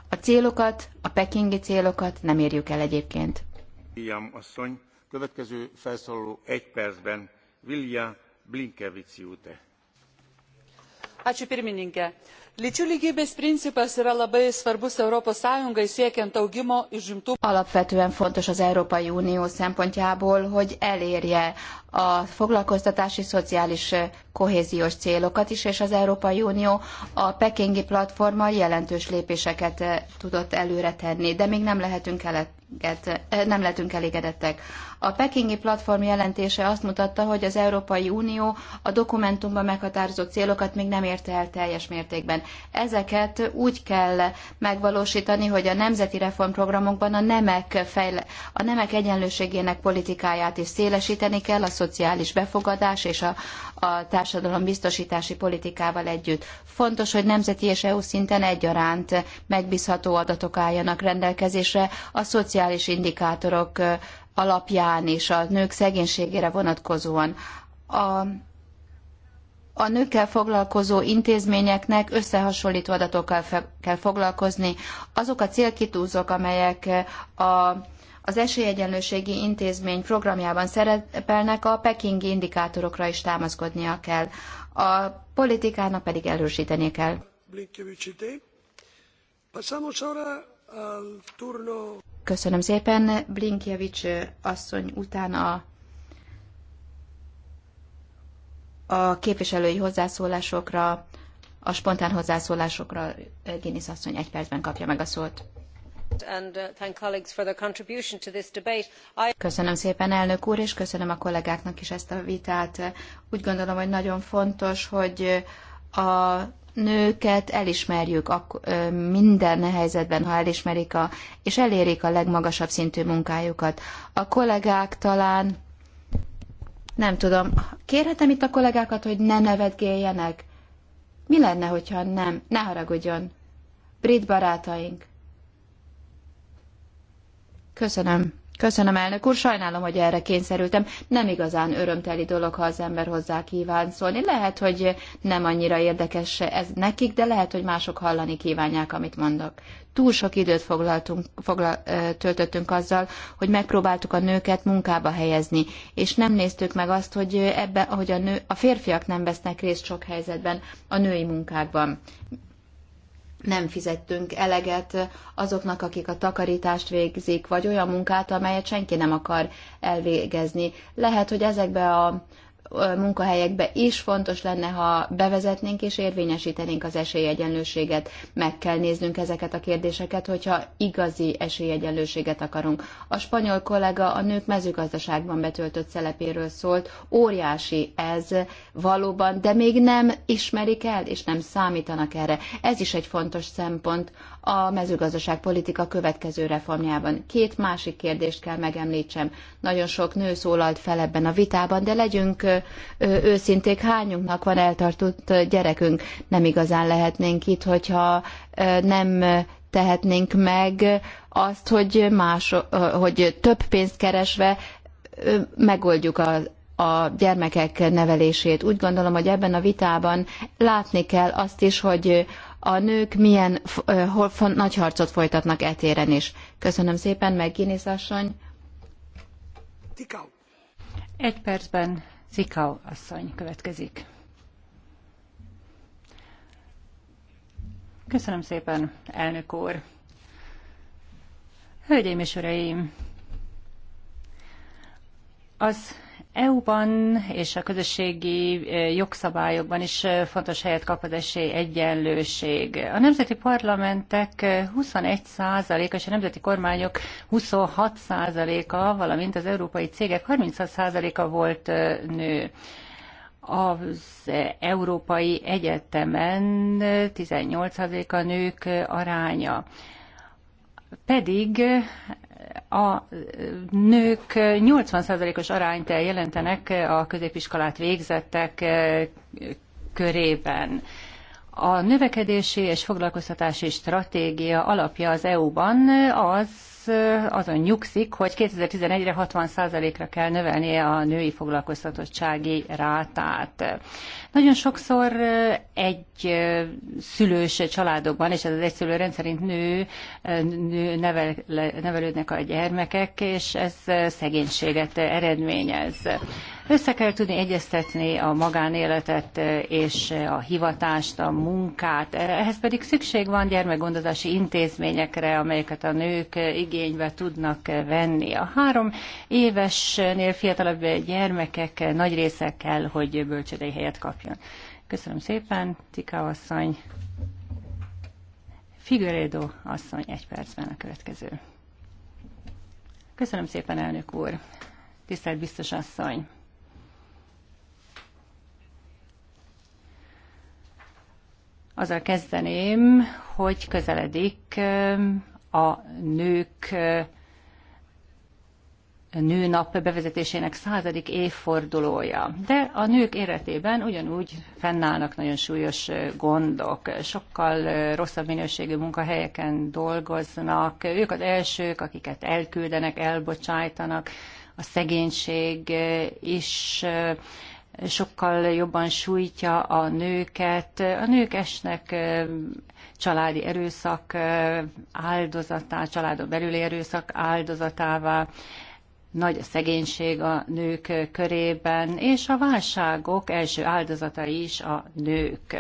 A célokat, a pekingi célokat nem érjük el egyébként. William asszony, következő felszólaló egy percben, Vilja Blinkevici úte lyčių lygybės principas yra labai svarbus europos Sąjungai siekiant augimo užimtumo. Alapvetően fontos az Európai Unió szempontjából, hogy elérje a foglalkoztatási szociális eh, kohéziós célokat is, és az Európai Unió a pekingi platformmal jelentős lépéseket eh, tudott előre tenni, de még nem lehetünk, eleget, eh, nem lehetünk elégedettek. A pekingi platform jelentése azt mutatta, hogy az Európai Unió a dokumentumban meghatározott célokat még nem érte el teljes mértékben. Ezeket úgy kell megvalósítani, hogy a nemzeti reformprogramokban a nemek, fejle, a nemek egyenlőségének politikáját is szélesíteni kell, a szociális befogadás és a, a társadalom biztosítási politikával együtt. Fontos, hogy nemzeti és EU szinten egyaránt megbízható adatok álljanak rendelkezésre a szociális indikátorok alapján és a nők szegénységére vonatkozóan. A, a nőkkel foglalkozó intézményeknek összehasonlító adatokkal kell foglalkozni. Azok a célkitúzók, amelyek a az esélyegyenlőségi intézmény programjában szerepelnek, a pekingi indikátorokra is támaszkodnia kell. A politikának pedig erősíteni kell. Köszönöm szépen. Blinkjevics asszony után a, a képviselői hozzászólásokra, a spontán hozzászólásokra Génisz asszony egy percben kapja meg a szót. Köszönöm szépen, elnök úr, és köszönöm a kollégáknak is ezt a vitát. Úgy gondolom, hogy nagyon fontos, hogy a nőket elismerjük minden helyzetben, ha elismerik a, és elérik a legmagasabb szintű munkájukat. A kollégák talán, nem tudom, kérhetem itt a kollégákat, hogy ne nevetgéljenek? Mi lenne, hogyha nem? Ne haragudjon. Brit barátaink. Köszönöm. Köszönöm, elnök úr, sajnálom, hogy erre kényszerültem. Nem igazán örömteli dolog, ha az ember hozzá kíván szólni. Lehet, hogy nem annyira érdekes ez nekik, de lehet, hogy mások hallani kívánják, amit mondok. Túl sok időt foglaltunk, foglal, töltöttünk azzal, hogy megpróbáltuk a nőket munkába helyezni, és nem néztük meg azt, hogy ebben, ahogy a, nő, a férfiak nem vesznek részt sok helyzetben a női munkákban nem fizettünk eleget azoknak, akik a takarítást végzik, vagy olyan munkát, amelyet senki nem akar elvégezni. Lehet, hogy ezekbe a munkahelyekbe is fontos lenne, ha bevezetnénk és érvényesítenénk az esélyegyenlőséget. Meg kell néznünk ezeket a kérdéseket, hogyha igazi esélyegyenlőséget akarunk. A spanyol kollega a nők mezőgazdaságban betöltött szerepéről szólt. Óriási ez valóban, de még nem ismerik el, és nem számítanak erre. Ez is egy fontos szempont a mezőgazdaságpolitika következő reformjában. Két másik kérdést kell megemlítsem. Nagyon sok nő szólalt fel ebben a vitában, de legyünk őszinték, hányunknak van eltartott gyerekünk. Nem igazán lehetnénk itt, hogyha nem tehetnénk meg azt, hogy, más, hogy több pénzt keresve megoldjuk a, a gyermekek nevelését. Úgy gondolom, hogy ebben a vitában látni kell azt is, hogy a nők milyen hol, nagy harcot folytatnak etéren is. Köszönöm szépen, meg Guinness asszony. Egy percben Zikau asszony következik. Köszönöm szépen, elnök úr. Hölgyeim és uraim, az EU-ban és a közösségi jogszabályokban is fontos helyet kap az esély egyenlőség. A nemzeti parlamentek 21 százaléka, és a nemzeti kormányok 26 százaléka, valamint az európai cégek 36 százaléka volt nő az Európai Egyetemen 18% a nők aránya. Pedig a nők 80%-os arányt jelentenek a középiskolát végzettek körében. A növekedési és foglalkoztatási stratégia alapja az EU-ban az, azon nyugszik, hogy 2011-re 60%-ra kell növelnie a női foglalkoztatottsági rátát. Nagyon sokszor egy szülős családokban, és ez az egyszülő rendszerint nő, nő nevel, nevelődnek a gyermekek, és ez szegénységet eredményez. Össze kell tudni egyeztetni a magánéletet eh, és eh, a hivatást, a munkát. Ehhez pedig szükség van gyermekgondozási intézményekre, amelyeket a nők eh, igénybe tudnak venni. A három évesnél fiatalabb gyermekek nagy része kell, hogy bölcsödei helyet kapjon. Köszönöm szépen, Tika asszony. Figueredo asszony egy percben a következő. Köszönöm szépen, elnök úr. Tisztelt biztos asszony! Azzal kezdeném, hogy közeledik a nők nőnap bevezetésének századik évfordulója. De a nők életében ugyanúgy fennállnak nagyon súlyos gondok. Sokkal rosszabb minőségű munkahelyeken dolgoznak. Ők az elsők, akiket elküldenek, elbocsájtanak. A szegénység is sokkal jobban sújtja a nőket. A nők esnek családi erőszak áldozatá, családon belüli erőszak áldozatává, nagy a szegénység a nők körében, és a válságok első áldozata is a nők.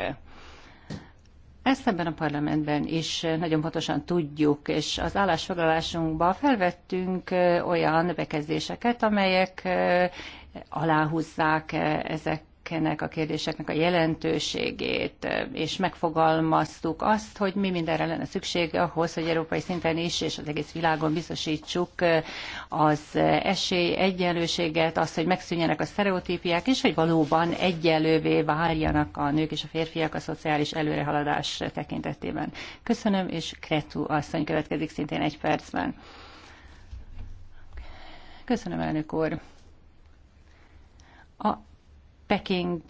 Ezt ebben a parlamentben is nagyon pontosan tudjuk, és az állásfoglalásunkba felvettünk olyan bekezdéseket, amelyek aláhúzzák ezek eh, ezeknek a kérdéseknek a jelentőségét, eh, és megfogalmaztuk azt, hogy mi mindenre lenne szükség ahhoz, hogy európai szinten is és az egész világon biztosítsuk eh, az esély, egyenlőséget, azt, hogy megszűnjenek a sztereotípiák, és hogy valóban egyenlővé várjanak a nők és a férfiak a szociális előrehaladás tekintetében. Köszönöm, és Kretu asszony következik szintén egy percben. Köszönöm, elnök úr. A Peking,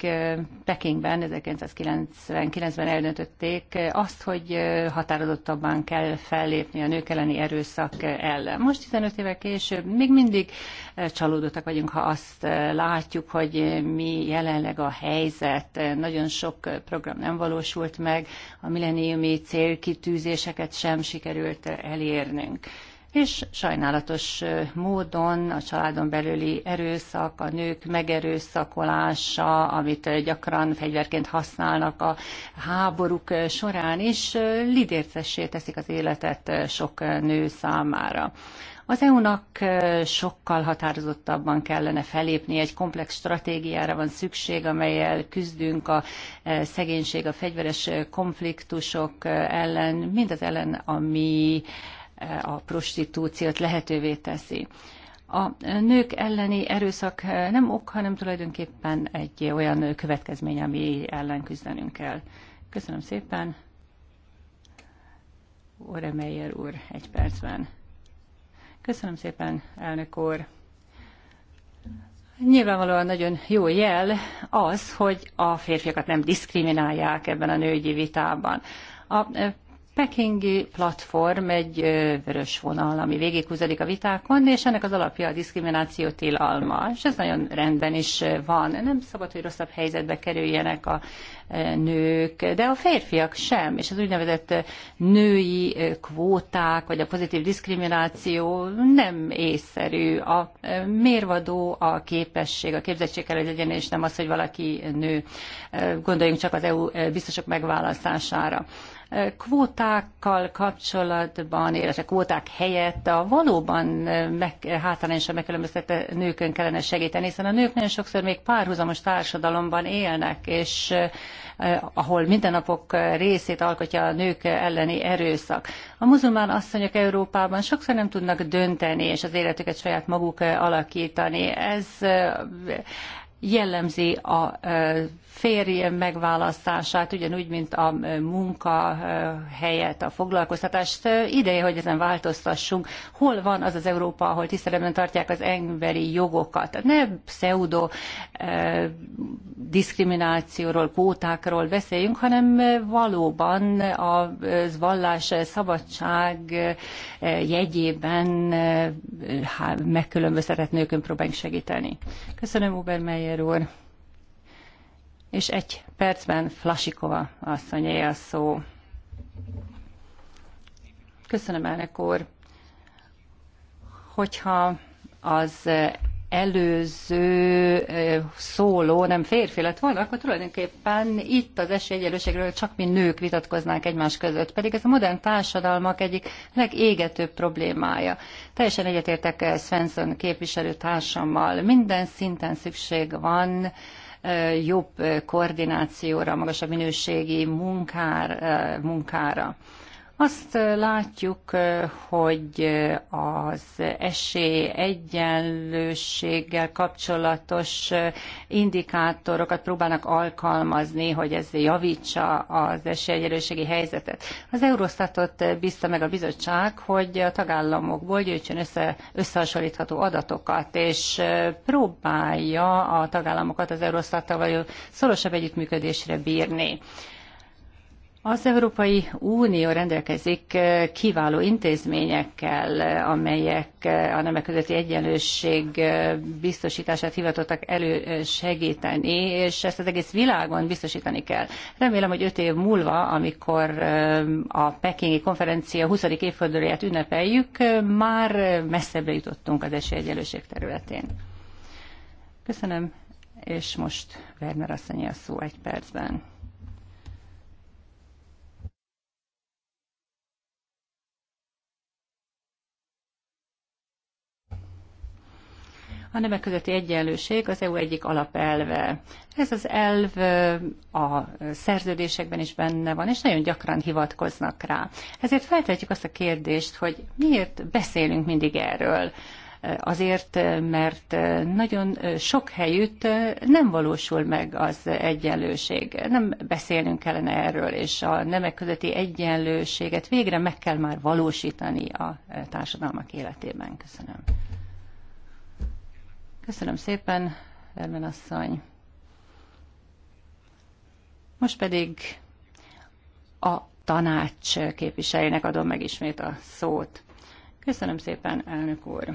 Pekingben 1999-ben eldöntötték azt, hogy határozottabban kell fellépni a nők elleni erőszak ellen. Most 15 évvel később még mindig csalódottak vagyunk, ha azt látjuk, hogy mi jelenleg a helyzet. Nagyon sok program nem valósult meg, a milleniumi célkitűzéseket sem sikerült elérnünk és sajnálatos módon a családon belüli erőszak, a nők megerőszakolása, amit gyakran fegyverként használnak a háborúk során is, lidércessé teszik az életet sok nő számára. Az EU-nak sokkal határozottabban kellene felépni, egy komplex stratégiára van szükség, amelyel küzdünk a szegénység, a fegyveres konfliktusok ellen, mindaz ellen, ami a prostitúciót lehetővé teszi. A nők elleni erőszak nem ok, hanem tulajdonképpen egy olyan következmény, ami ellen küzdenünk kell. Köszönöm szépen. Oremeyer úr, egy percben. Köszönöm szépen, elnök úr. Nyilvánvalóan nagyon jó jel az, hogy a férfiakat nem diszkriminálják ebben a nőgyi vitában. A pekingi platform egy vörös vonal, ami végighúzódik a vitákon, és ennek az alapja a diszkrimináció tilalma. És ez nagyon rendben is van. Nem szabad, hogy rosszabb helyzetbe kerüljenek a nők, de a férfiak sem, és az úgynevezett női kvóták, vagy a pozitív diszkrimináció nem észszerű. A mérvadó a képesség, a képzettség kell, hogy legyen, és nem az, hogy valaki nő. Gondoljunk csak az EU biztosok megválasztására kvótákkal kapcsolatban, illetve kvóták helyett a valóban eh, meg, hátrányosan megkülönböztetett nőkön kellene segíteni, hiszen a nők nagyon sokszor még párhuzamos társadalomban élnek, és eh, ahol mindennapok részét alkotja a nők elleni erőszak. A muzulmán asszonyok Európában sokszor nem tudnak dönteni, és az életüket saját maguk eh, alakítani. Ez jellemzi a férj megválasztását, ugyanúgy, mint a munkahelyet, a foglalkoztatást. Ideje, hogy ezen változtassunk. Hol van az az Európa, ahol tiszteletben tartják az emberi jogokat? Ne pseudo eh, diszkriminációról, kótákról beszéljünk, hanem valóban a vallás szabadság eh, jegyében eh, megkülönböztetett nőkön próbáljunk segíteni. Köszönöm, Ubermeyer úr és egy percben Flasikova asszonyé a szó. Köszönöm, elnök úr. Hogyha az előző szóló nem férfi lett volna, akkor tulajdonképpen itt az esélyegyenlőségről csak mi nők vitatkoznánk egymás között, pedig ez a modern társadalmak egyik legégetőbb problémája. Teljesen egyetértek Svensson képviselőtársammal, minden szinten szükség van jobb koordinációra, magasabb minőségi munkára. munkára. Azt látjuk, hogy az esély egyenlőséggel kapcsolatos indikátorokat próbálnak alkalmazni, hogy ez javítsa az esélyegyenlőségi helyzetet. Az Eurostatot bízta meg a bizottság, hogy a tagállamokból gyűjtsön össze, összehasonlítható adatokat, és próbálja a tagállamokat az Eurostattal való szorosabb együttműködésre bírni. Az Európai Unió rendelkezik eh, kiváló intézményekkel, eh, amelyek eh, a nemek közötti egyenlőség biztosítását hivatottak elősegíteni, és ezt az egész világon biztosítani kell. Remélem, hogy öt év múlva, amikor a pekingi konferencia 20. évfordulóját ünnepeljük, már messzebbre jutottunk az esélyegyenlőség területén. Köszönöm, és most Werner asszonyi a szó egy percben. A nemek közötti egyenlőség az EU egyik alapelve. Ez az elv a szerződésekben is benne van, és nagyon gyakran hivatkoznak rá. Ezért feltehetjük azt a kérdést, hogy miért beszélünk mindig erről azért, mert nagyon sok helyütt nem valósul meg az egyenlőség. Nem beszélnünk kellene erről, és a nemek közötti egyenlőséget végre meg kell már valósítani a társadalmak életében. Köszönöm. Köszönöm szépen, Ermen asszony. Most pedig a tanács képviselőnek adom meg ismét a szót. Köszönöm szépen, elnök úr.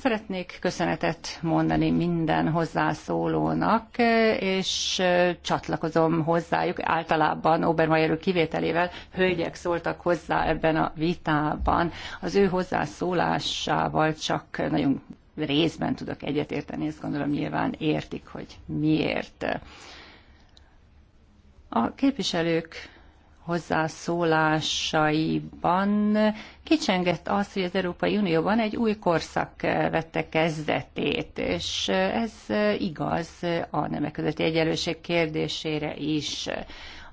Szeretnék köszönetet mondani minden hozzászólónak, és csatlakozom hozzájuk. Általában Obermeyer kivételével hölgyek szóltak hozzá ebben a vitában. Az ő hozzászólásával csak nagyon részben tudok egyetérteni, ezt gondolom nyilván értik, hogy miért. A képviselők hozzászólásaiban kicsengett az, hogy az Európai Unióban egy új korszak vette kezdetét, és ez igaz a nemek közötti egyenlőség kérdésére is.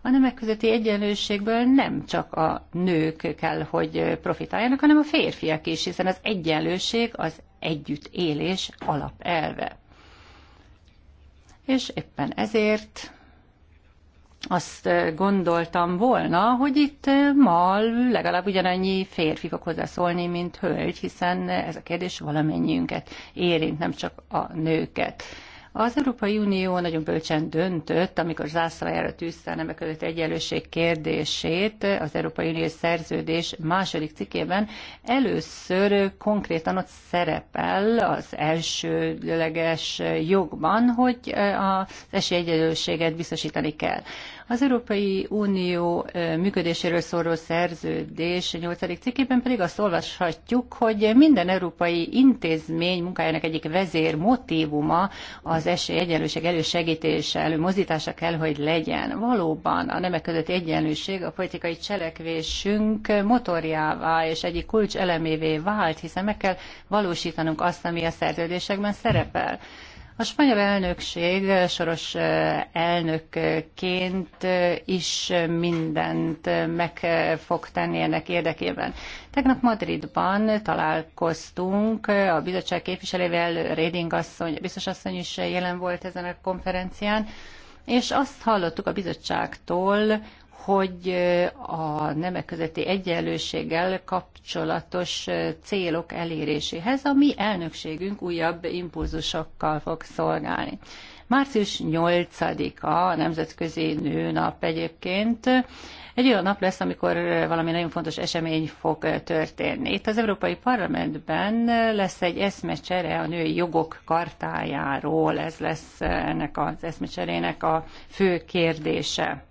A nemek közötti egyenlőségből nem csak a nők kell, hogy profitáljanak, hanem a férfiak is, hiszen az egyenlőség az együttélés alapelve. És éppen ezért azt gondoltam volna, hogy itt ma legalább ugyanannyi férfi fog hozzászólni, mint hölgy, hiszen ez a kérdés valamennyiünket érint, nem csak a nőket. Az Európai Unió nagyon bölcsen döntött, amikor zászlajára tűzte a nemek közötti egyenlőség kérdését az Európai Unió szerződés második cikkében. Először konkrétan ott szerepel az elsőleges jogban, hogy az esélyegyenlőséget biztosítani kell. Az Európai Unió működéséről szóló szerződés 8. cikkében pedig azt olvashatjuk, hogy minden európai intézmény munkájának egyik vezér motivuma az az egyenlőség elősegítése, előmozdítása kell, hogy legyen. Valóban a nemek közötti egyenlőség a politikai cselekvésünk motorjává és egyik kulcselemévé vált, hiszen meg kell valósítanunk azt, ami a szerződésekben szerepel. A spanyol elnökség soros elnökként is mindent meg fog tenni ennek érdekében. Tegnap Madridban találkoztunk a bizottság képviselővel, Reding asszony, biztos asszony is jelen volt ezen a konferencián, és azt hallottuk a bizottságtól, hogy a nemek közötti egyenlőséggel kapcsolatos célok eléréséhez a mi elnökségünk újabb impulzusokkal fog szolgálni. Március 8-a, Nemzetközi Nőnap egyébként, egy olyan nap lesz, amikor valami nagyon fontos esemény fog történni. Itt az Európai Parlamentben lesz egy eszmecsere a női jogok kartájáról, ez lesz ennek az eszmecserének a fő kérdése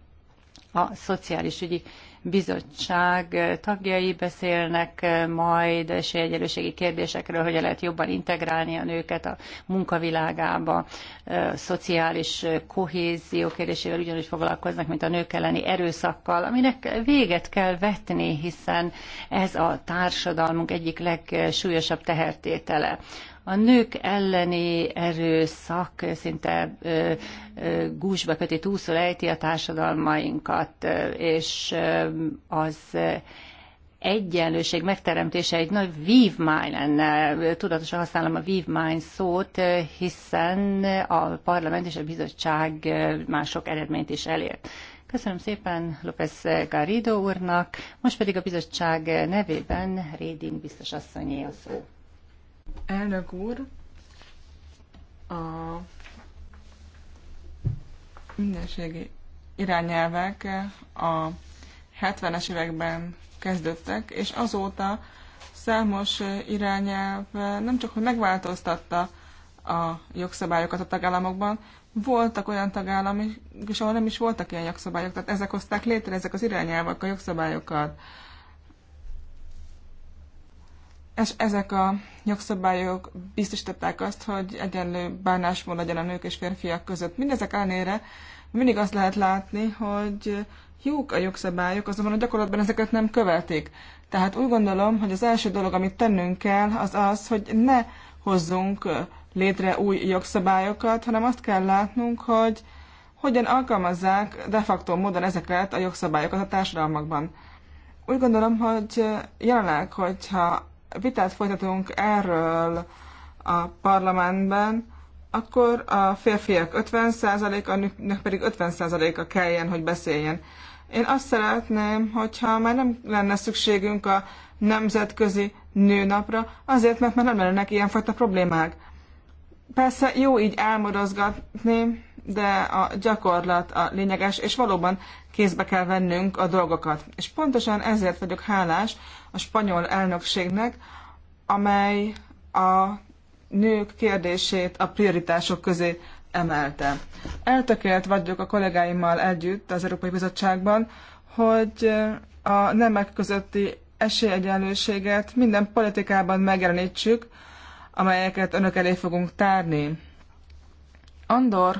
a Szociális Ügyi Bizottság eh, tagjai beszélnek eh, majd esélyegyelőségi kérdésekről, hogy lehet jobban integrálni a nőket a munkavilágába, a eh, szociális kohézió kérdésével ugyanúgy foglalkoznak, mint a nők elleni erőszakkal, aminek véget kell vetni, hiszen ez a társadalmunk egyik legsúlyosabb tehertétele. A nők elleni erőszak szinte gúzsba köti, túlszor ejti a társadalmainkat, és az egyenlőség megteremtése egy nagy vívmány lenne. Tudatosan használom a vívmány szót, hiszen a parlament és a bizottság már sok eredményt is elért. Köszönöm szépen López Garrido úrnak, most pedig a bizottság nevében Réding biztos asszonyé a szó. Elnök úr, a mindenségi irányelvek a 70-es években kezdődtek, és azóta számos irányelv nem csak hogy megváltoztatta a jogszabályokat a tagállamokban, voltak olyan tagállamok, és ahol nem is voltak ilyen jogszabályok, tehát ezek hozták létre ezek az irányelvek a jogszabályokat és ezek a jogszabályok biztosították azt, hogy egyenlő bánásmód legyen a nők és férfiak között. Mindezek ellenére mindig azt lehet látni, hogy jók a jogszabályok, azonban a gyakorlatban ezeket nem követik. Tehát úgy gondolom, hogy az első dolog, amit tennünk kell, az az, hogy ne hozzunk létre új jogszabályokat, hanem azt kell látnunk, hogy hogyan alkalmazzák de facto módon ezeket a jogszabályokat a társadalmakban. Úgy gondolom, hogy jelenleg, hogyha vitát folytatunk erről a parlamentben, akkor a férfiak 50%, a nőknek pedig 50%-a kelljen, hogy beszéljen. Én azt szeretném, hogyha már nem lenne szükségünk a nemzetközi nőnapra, azért, mert már nem lennek ilyenfajta problémák. Persze jó így álmodozgatni, de a gyakorlat a lényeges, és valóban kézbe kell vennünk a dolgokat. És pontosan ezért vagyok hálás a spanyol elnökségnek, amely a nők kérdését a prioritások közé emelte. Eltökélt vagyok a kollégáimmal együtt az Európai Bizottságban, hogy a nemek közötti esélyegyenlőséget minden politikában megjelenítsük, amelyeket önök elé fogunk tárni. Andor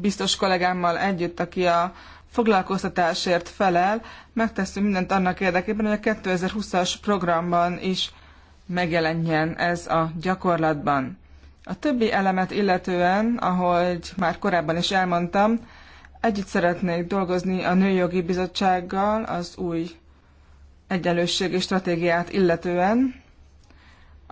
biztos kollégámmal együtt, aki a foglalkoztatásért felel, megteszünk mindent annak érdekében, hogy a 2020-as programban is megjelenjen ez a gyakorlatban. A többi elemet illetően, ahogy már korábban is elmondtam, együtt szeretnék dolgozni a Nőjogi Bizottsággal az új egyenlősségi stratégiát illetően,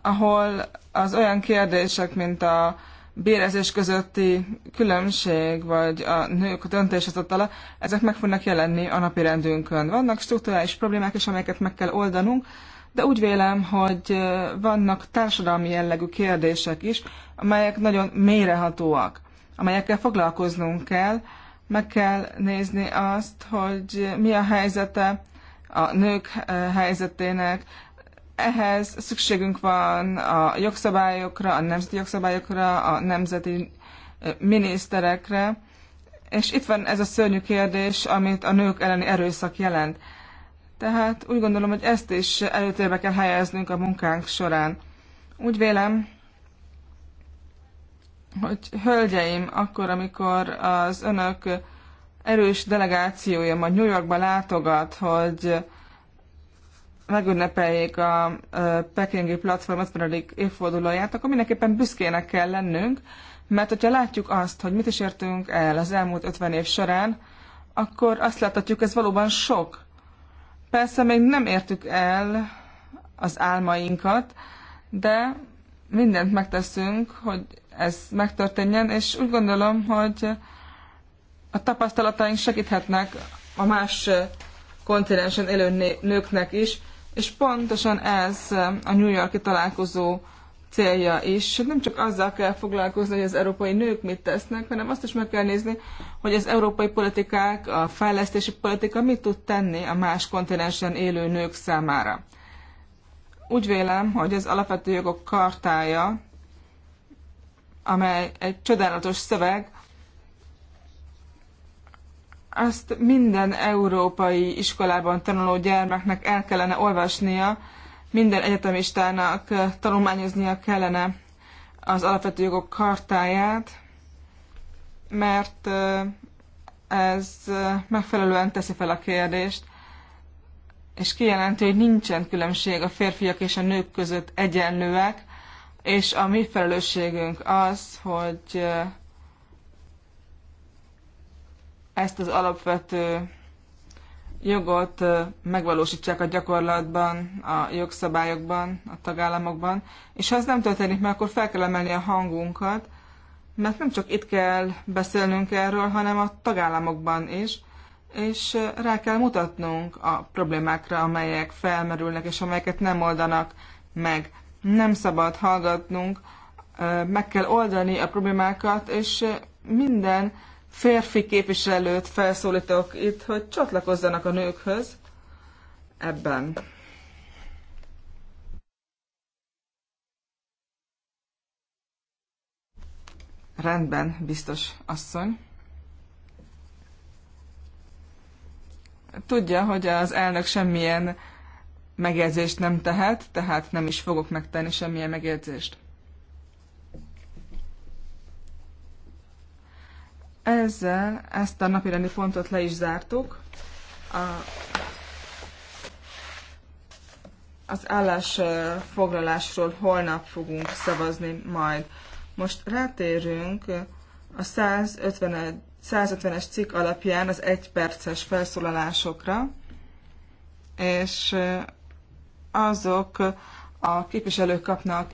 ahol az olyan kérdések, mint a bérezés közötti különbség, vagy a nők döntéshozatala, ezek meg fognak jelenni a napi rendünkön. Vannak strukturális problémák is, amelyeket meg kell oldanunk, de úgy vélem, hogy vannak társadalmi jellegű kérdések is, amelyek nagyon mérehatóak amelyekkel foglalkoznunk kell, meg kell nézni azt, hogy mi a helyzete a nők helyzetének, ehhez szükségünk van a jogszabályokra, a nemzeti jogszabályokra, a nemzeti miniszterekre, és itt van ez a szörnyű kérdés, amit a nők elleni erőszak jelent. Tehát úgy gondolom, hogy ezt is előtérbe kell helyeznünk a munkánk során. Úgy vélem, hogy hölgyeim, akkor, amikor az önök erős delegációja majd New Yorkba látogat, hogy megünnepeljék a pekingi platform 50. évfordulóját, akkor mindenképpen büszkének kell lennünk, mert hogyha látjuk azt, hogy mit is értünk el az elmúlt 50 év során, akkor azt láthatjuk, ez valóban sok. Persze még nem értük el az álmainkat, de mindent megteszünk, hogy ez megtörténjen, és úgy gondolom, hogy a tapasztalataink segíthetnek a más kontinensen élő nőknek is, és pontosan ez a New Yorki találkozó célja is. Nem csak azzal kell foglalkozni, hogy az európai nők mit tesznek, hanem azt is meg kell nézni, hogy az európai politikák, a fejlesztési politika mit tud tenni a más kontinensen élő nők számára. Úgy vélem, hogy az alapvető jogok kartája, amely egy csodálatos szöveg, azt minden európai iskolában tanuló gyermeknek el kellene olvasnia, minden egyetemistának tanulmányoznia kellene az alapvető jogok kartáját, mert ez megfelelően teszi fel a kérdést, és kijelenti, hogy nincsen különbség a férfiak és a nők között egyenlőek, és a mi felelősségünk az, hogy ezt az alapvető jogot megvalósítsák a gyakorlatban, a jogszabályokban, a tagállamokban, és ha ez nem történik meg, akkor fel kell emelni a hangunkat, mert nem csak itt kell beszélnünk erről, hanem a tagállamokban is, és rá kell mutatnunk a problémákra, amelyek felmerülnek, és amelyeket nem oldanak meg. Nem szabad hallgatnunk, meg kell oldani a problémákat, és minden férfi képviselőt felszólítok itt, hogy csatlakozzanak a nőkhöz ebben. Rendben, biztos asszony. Tudja, hogy az elnök semmilyen megjegyzést nem tehet, tehát nem is fogok megtenni semmilyen megjegyzést. Ezzel ezt a napirendi pontot le is zártuk. A, az állásfoglalásról holnap fogunk szavazni majd. Most rátérünk a 150, 150-es cikk alapján az egyperces felszólalásokra, és azok a képviselők kapnak